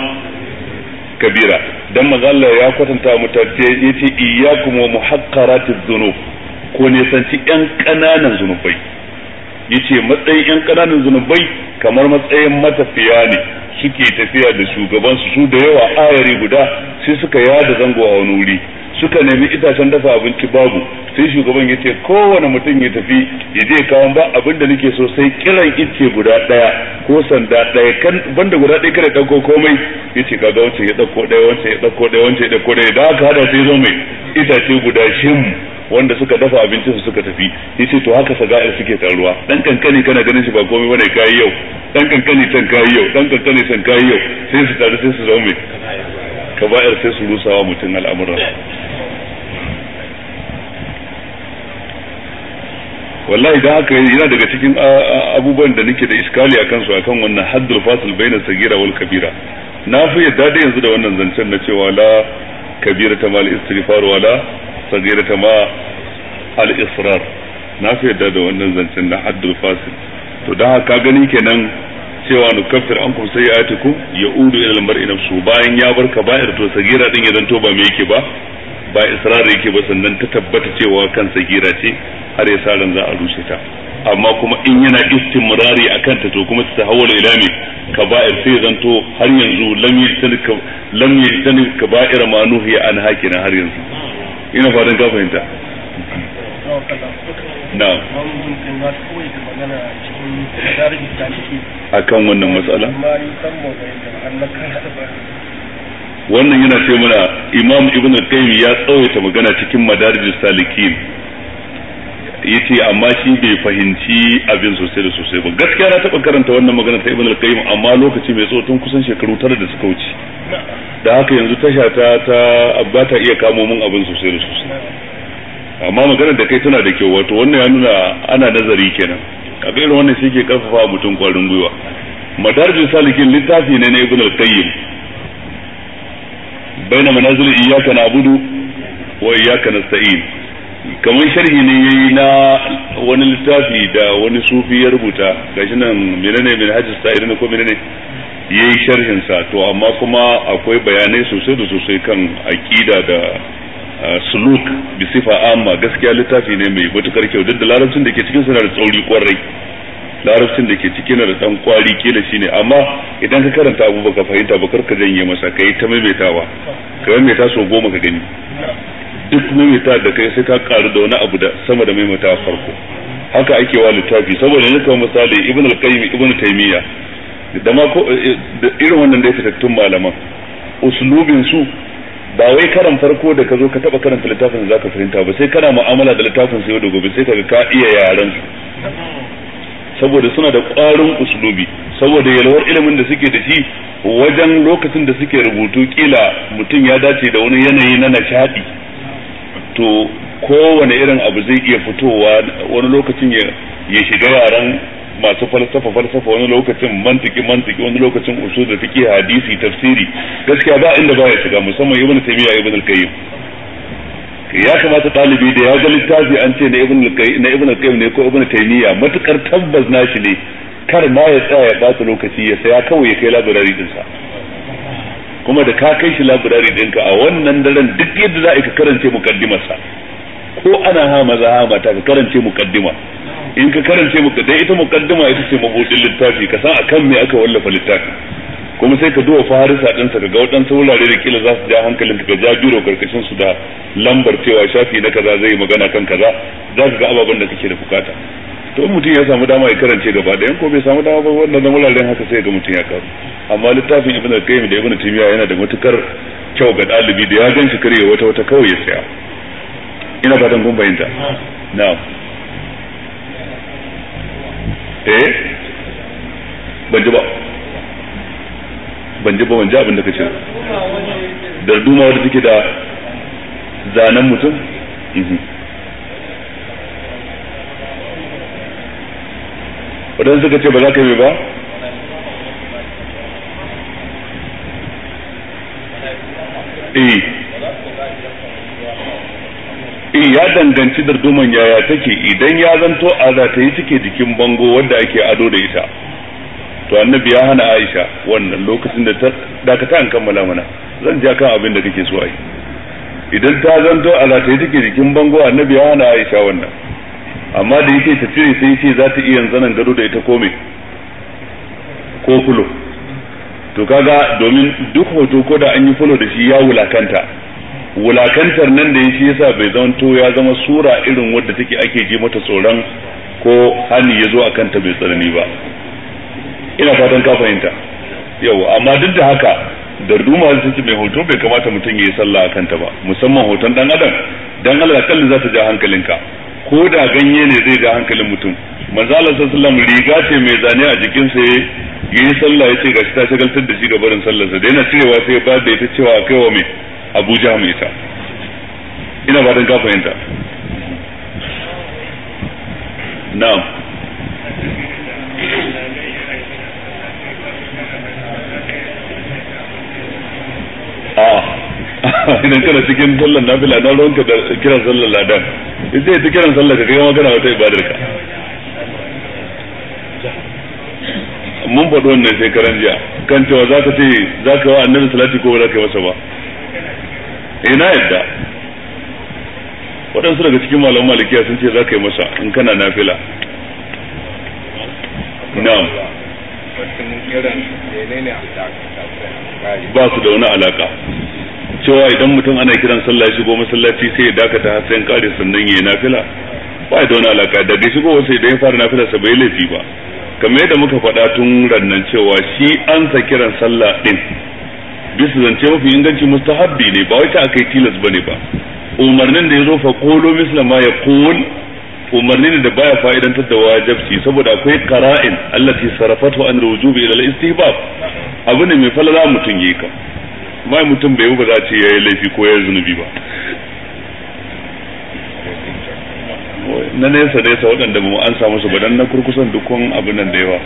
kabira dan mazalla ya kwatanta mutane ce iyyakum wa muhaqqaratiz zunub ko ne sanci yan kananan zunubai yace matsayin yan kananan zunubai kamar matsayin matafiya ne suke tafiya da shugaban su su da yawa ayari guda sai suka yada zango a wani wuri suka nemi itacen dafa abinci babu sai shugaban yace kowane mutum ya tafi ya je kawo ba abin da nake so sai kiran ice guda daya ko sanda daya kan banda guda daya kada dauko komai yace kaga wancan ya dauko daya wancan ya dauko daya wancan ya dauko daya da haka hada sai zo mai itace guda shin wanda suka dafa abinci su suka tafi ce to haka saga'ir suke taruwa dan kankani kana ganin shi ba komai bane kai yau dan kankani tan kai yau dan kankani san kai yau sai su taru sai su zama ka kaba'ir sai su rusawa mutum al'amuran wallahi da haka yana daga cikin abubuwan da nake da iskali a kansu akan wannan haddul fasil bayna sagira wal kabira na fi yadda da yanzu da wannan zancen na cewa la kabira ta mal istighfar wala as ما ma israr na fi da wannan zancen na haddul fasil to da ka gani kenan cewa nu kafir an ku ya udu ila al-mar'i nafsu bayan ya bar kaba'ir to sagira din ya to ba me yake ba ba israr yake ba sannan ta tabbata cewa kan sagira ce har ya sa ran za a rushe ta amma kuma in yana istimrari akan ta to kuma ta hawala ila me kaba'ir sai to har yanzu lam yajtanib lam yajtanib kaba'ir ma nuhiya an hakina har yanzu ina fatan ka fahimta na. a kan wannan matsala wannan yana ce mana imam ibn qayyim ya tsawaita magana cikin madarijus salikin yace amma shi bai fahimci abin sosai da sosai ba gaskiya na taɓa karanta wannan magana ta ibn al-qayyim amma lokaci mai tsotun kusan shekaru tara da suka wuce da haka yanzu tasha ta ta ta iya kamo mun abin sosai da sosai amma maganar da kai tana da kyau wato wannan ya nuna ana nazari kenan a irin wannan shi ke karfafa mutum kwarin gwiwa madarjin salikin littafi ne na ibn al-qayyim baina manazil iyyaka na'budu wa iyyaka nasta'in kamar sharhi ne yayi na wani littafi da wani sufi ya rubuta gashi nan menene min hajji sa'ir ne ko menene yayi sharhin sa to amma kuma akwai bayanai sosai da sosai kan aƙida da suluk bi sifa amma gaskiya littafi ne mai matukar kyau duk da larabcin da ke cikin suna da tsauri kwarai larabcin da ke cikin da dan kwari kila ne amma idan ka karanta abubakar fahimta ba ka janye masa kai ta maimaitawa ka maimaita so goma ka gani duk maimaita da kai sai ka karu da wani abu da sama da maimaita farko haka ake wa littafi saboda ne kawai misali ibn al-qayyim ibn taymiya da ma eh, da irin wannan da ya fitattun malaman uslubin su ba wai karan farko da ka zo ka taba karanta littafin da zaka fahimta ba sai kana mu'amala da littafin sai da gobe sai kaga ka iya yaran su saboda suna da ƙwarin uslubi saboda yalwar ilimin da suke da shi wajen lokacin da suke rubutu kila mutum ya dace da wani yanayi na nishadi to kowane irin abu zai iya fitowa wani lokacin ya shiga yaran masu falsafa falsafa wani lokacin mantiki mantiki wani lokacin usul da fiqh hadisi tafsiri gaskiya ba inda ba ya shiga musamman ibn taymiya ibn al-qayyim ya kamata talibi da ya ga littafi an ce na ibnu na ibnu qayyim ne ko ibn taymiya matukar tabbas nashi ne kar ma ya tsaya ya bata lokaci ya saya kawai ya kai labarari din sa kuma da ka kai shi labirari ɗinka a wannan daren duk yadda za a yi ka karance mukaddimarsa ko ana ha maza ha mata ka karance mukaddima in ka karance mukaddima ita mukaddima ita ce mabudin littafi ka san akan me aka wallafa littafi kuma sai ka duba farisa ɗinsa ka ga waɗansu wurare da kila za su ja hankalin ka ja biro karkashin su da lambar cewa shafi na kaza zai magana kan kaza za ka ga ababen da kake da bukata to mutum ya samu dama ya karance gaba da ko bai samu dama ba wannan wuraren haka sai ga mutum ya karu amma littafin ibnu qayyim da ibnu timiya yana da matukar kyau ga dalibi da ya ganci shi kare wata wata kawai ya saya ina fatan kun bayyana na'am eh ban ji ba ban ji ba ban abin da kace darduma wanda take da zanen mutum mhm. wadanda suka ce ba za ka yi ba eh, eh ya danganci darduman yaya take idan ya zanto a za ta yi cike jikin bango wanda ake ado da ita to annabi ya hana Aisha wannan lokacin da ta dakata an kammala mana zan ja kan abin da kake so ai idan ta zanto a za ta yi cike jikin bango annabi ya hana Aisha wannan amma da yake ta cire sai ce za ta iya zanen gado da ita kome ko fulo to kaga domin duk hoto ko da an yi fulo da shi ya wulakanta wulakantar nan da yake yasa bai zanto ya zama sura irin wadda take ake ji mata tsoron ko hani ya zo a kanta bai tsanani ba ina fatan ka fahimta yau amma duk da haka darduma da ce mai hoto bai kamata mutum ya yi sallah a kanta ba musamman hoton dan adam dan Allah kallin za ta ja hankalinka ko da ganye ne zai da hankalin mutum manzo Allah sallallahu alaihi riga ce mai zane a jikin sa yayi sallah yace shi ta shagaltar da shi ga barin sallar sa da yana cewa sai ba da ita cewa kai wa mai Abuja mai ita ina ba dan gafa fahimta na'am a ah. [laughs] idan kana cikin sallar nafila na ruwanka da kiran sallar ladan idan ta kiran sallar ka kai ma kana wata ibadar ka mun faɗi wannan shekaran jiya kan cewa za ka ce za ka yi wa annabi salati ko za ka yi masa ba ina eh, yadda waɗansu daga cikin malam malikiya sun ce za ka yi masa in kana nafila na'am ba su da wani alaka cewa idan mutum ana kiran sallah shigo masallaci sai ya dakata har sai kare sannan yayi nafila ba da wani alaka da dai shigo sai da ya fara nafila sa bai laifi ba kamar yadda muka faɗa tun rannan cewa shi an sa kiran sallah din bisa zance mafi inganci mustahabbi ne ba wai akai tilas bane ba umarnin da ya zo fa qulu misla ma yaqul umarni ne da baya fa'idantar da wajabci saboda akwai qara'in allati sarafatu an rujubi ila al-istihbab abu ne mai falala mutum yi ka mai mutum bai yi ba za a ce ya yi laifi ko ya zunubi ba na nesa nesa waɗanda ba mu an samu su badan na kurkusan dukkan abin nan da yawa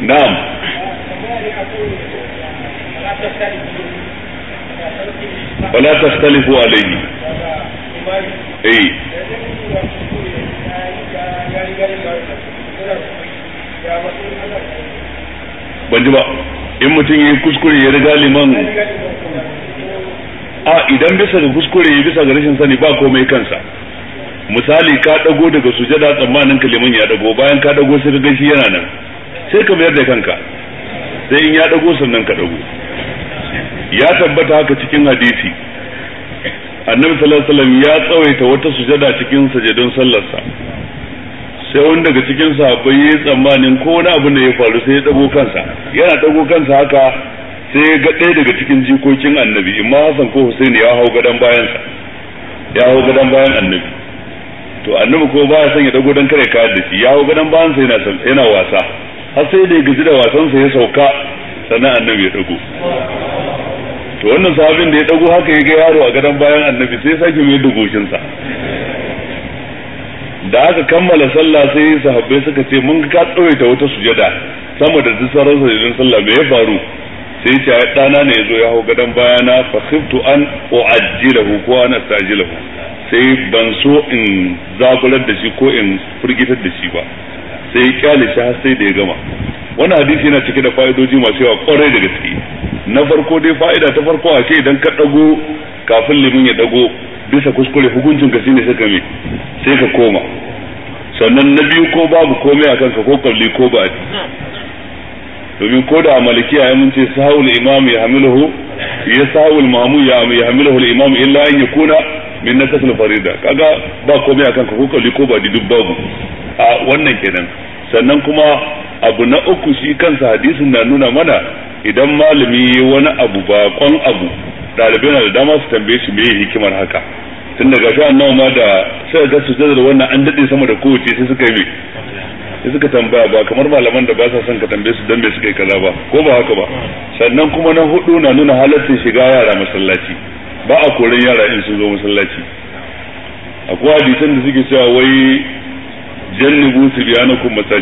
na'am wala tastalifu alayhi eh ban ji ba in mutum ya yi kuskure ya riga liman a idan bisa ga kuskure ya bisa ga rashin sani ba komai kansa misali ka dago daga sujada tsammanin ka liman ya dago bayan ka dago sai ga shi yana nan sai ka mayar da kanka sai in ya dago sannan ka dago ya tabbata haka cikin hadisi annabi sallallahu alaihi wasallam ya tsawaita wata sujada cikin sajadun sallarsa sai wani daga cikin sahabbai ya yi tsammanin ko wani abu ne ya faru sai ya dago kansa yana dago kansa haka sai ya ga ɗaya daga cikin jikokin annabi imma Hassan ko Hussein ya hau gadon bayansa ya hau gadon bayan annabi to annabi ko baya son ya dago dan kare ka da shi ya hau gadon bayan sa yana yana wasa har sai da ya gaji da wasan sa ya sauka sannan annabi ya dago to wannan sahabin da ya dago haka ya ga yaro a gadon bayan annabi sai ya sake mai dugoshin sa da aka kammala sallah sai sahabbai suka ce mun ka ta wata sujada sama da sauran sujudin sallah me ya faru sai ce ai dana ne yazo ya hau gadon bayana fa khiftu an uajjilahu ko an astajilahu sai ban so in zagular da shi ko in furgitar da shi ba sai ya kyale shi har sai da ya gama wannan hadisi yana cike da fa'idoji masu yawa kwarai da gaske na farko dai fa'ida ta farko a ce idan ka dago kafin limin ya dago bisa kuskure hukuncin ka shine sai ka me sai ka koma sannan na biyu ko babu komai a kanka ko kalli ko ba domin ko da malikiya ya mun ce sahawul imam ya hamiluhu ya sahawul mamu ya hamiluhu al-imam illa an yakuna min nakasul farida kaga ba komai a kanka ko kalli ko ba duk babu a wannan kenan sannan kuma abu na uku shi kansa hadisin na nuna mana idan malami ya wani abu bakon abu dalibai na da dama su tambaye shi me hikimar haka tun daga shi nawa ma da sai ga su da wannan an daɗe sama da kowace sai suka yi sai suka tambaya ba kamar malaman da ba sa son ka tambaye su dan me suka yi kaza ba ko ba haka ba sannan kuma na hudu na nuna halaccin shiga yara masallaci ba a koren yara in sun zo masallaci akwai hadisan da suke cewa wai jannibu su biya na kuma da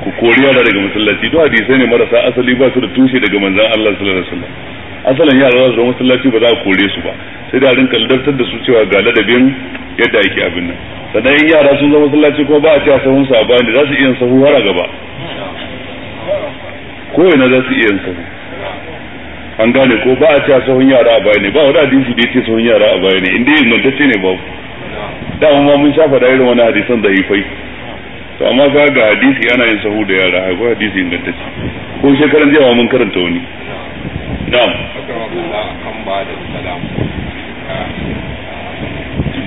ku kori yara daga masallaci to hadisai ne marasa asali ba su da tushe daga manzan Allah sallallahu alaihi wasallam asalin yara za su zama masallaci ba za a kore su ba sai da rinka ladabtar da su cewa ga ladabin yadda ake abin nan sannan yin yara sun zama masallaci kuma ba a cewa sahun da za su iya sahu har a gaba ko ina za su iya sahu an gane ko ba a cewa sahun yara a bayan ne ba wani hadisi da ce sahun yara a bayan ne inda ingantacce ne babu da ma mun shafa da irin wani hadisan da ifai to amma ga ga hadisi ana yin sahu da yara ga hadisi ingantacce ko shekaran jiya mun karanta wani na'am kan ba da salam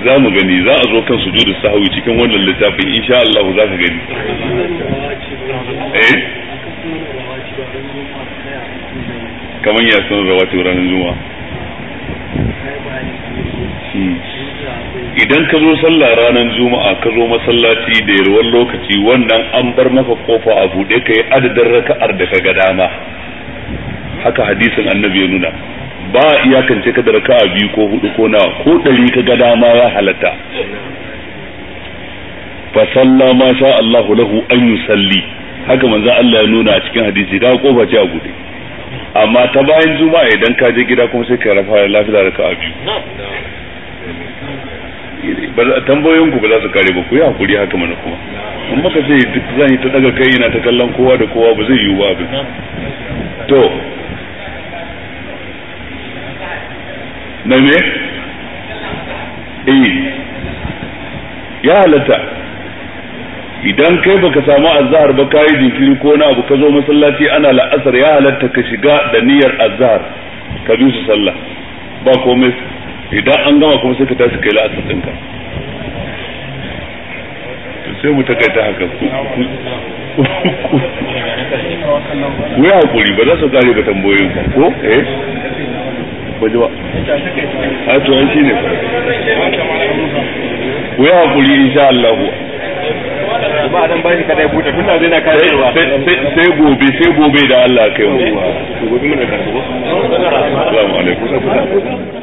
za mu gani za a zo kan sujudu sahwi cikin wannan littafin insha Allah za ka gani eh kamar ya san da ranar juma'a idan ka zo sallah ranar juma'a ka zo masallaci da yarwar lokaci wannan an bar maka kofa a buɗe ka yi adadin raka'ar da ka ga dama haka hadisin annabi ya nuna ba a iyakance ka da raka'a biyu ko hudu ko na ko ɗari ka ga dama ya halatta fa salla ma sha Allahu lahu an yusalli haka manzo Allah ya nuna a cikin hadisi da kofa ce a buɗe amma ta bayan juma'a idan ka je gida kuma sai ka rafa lafiya da ka'a biyu tambayoyin ku ba za su kare ba ku yi hakuri haka mana kuma amma ka sai duk zan yi ta daga kai yana ta kallon kowa da kowa ba zai yiwu ba abin to na me eh ya halatta idan kai baka samu azhar ba kai jinkiri ko na abu ka zo masallaci ana la'asar ya halatta ka shiga da niyyar azhar ka bi su sallah ba komai idan an gama kuma sai ka tashi kai la'asar to sai mu takaita haka ku ya hakuri ba za su kare ba tambayoyin ka ko eh ba ji ba a to an shine ku ya hakuri insha Allah ba dan bashi kada buta tunda zai na kare ruwa sai gobe sai gobe da Allah kai mu assalamu alaikum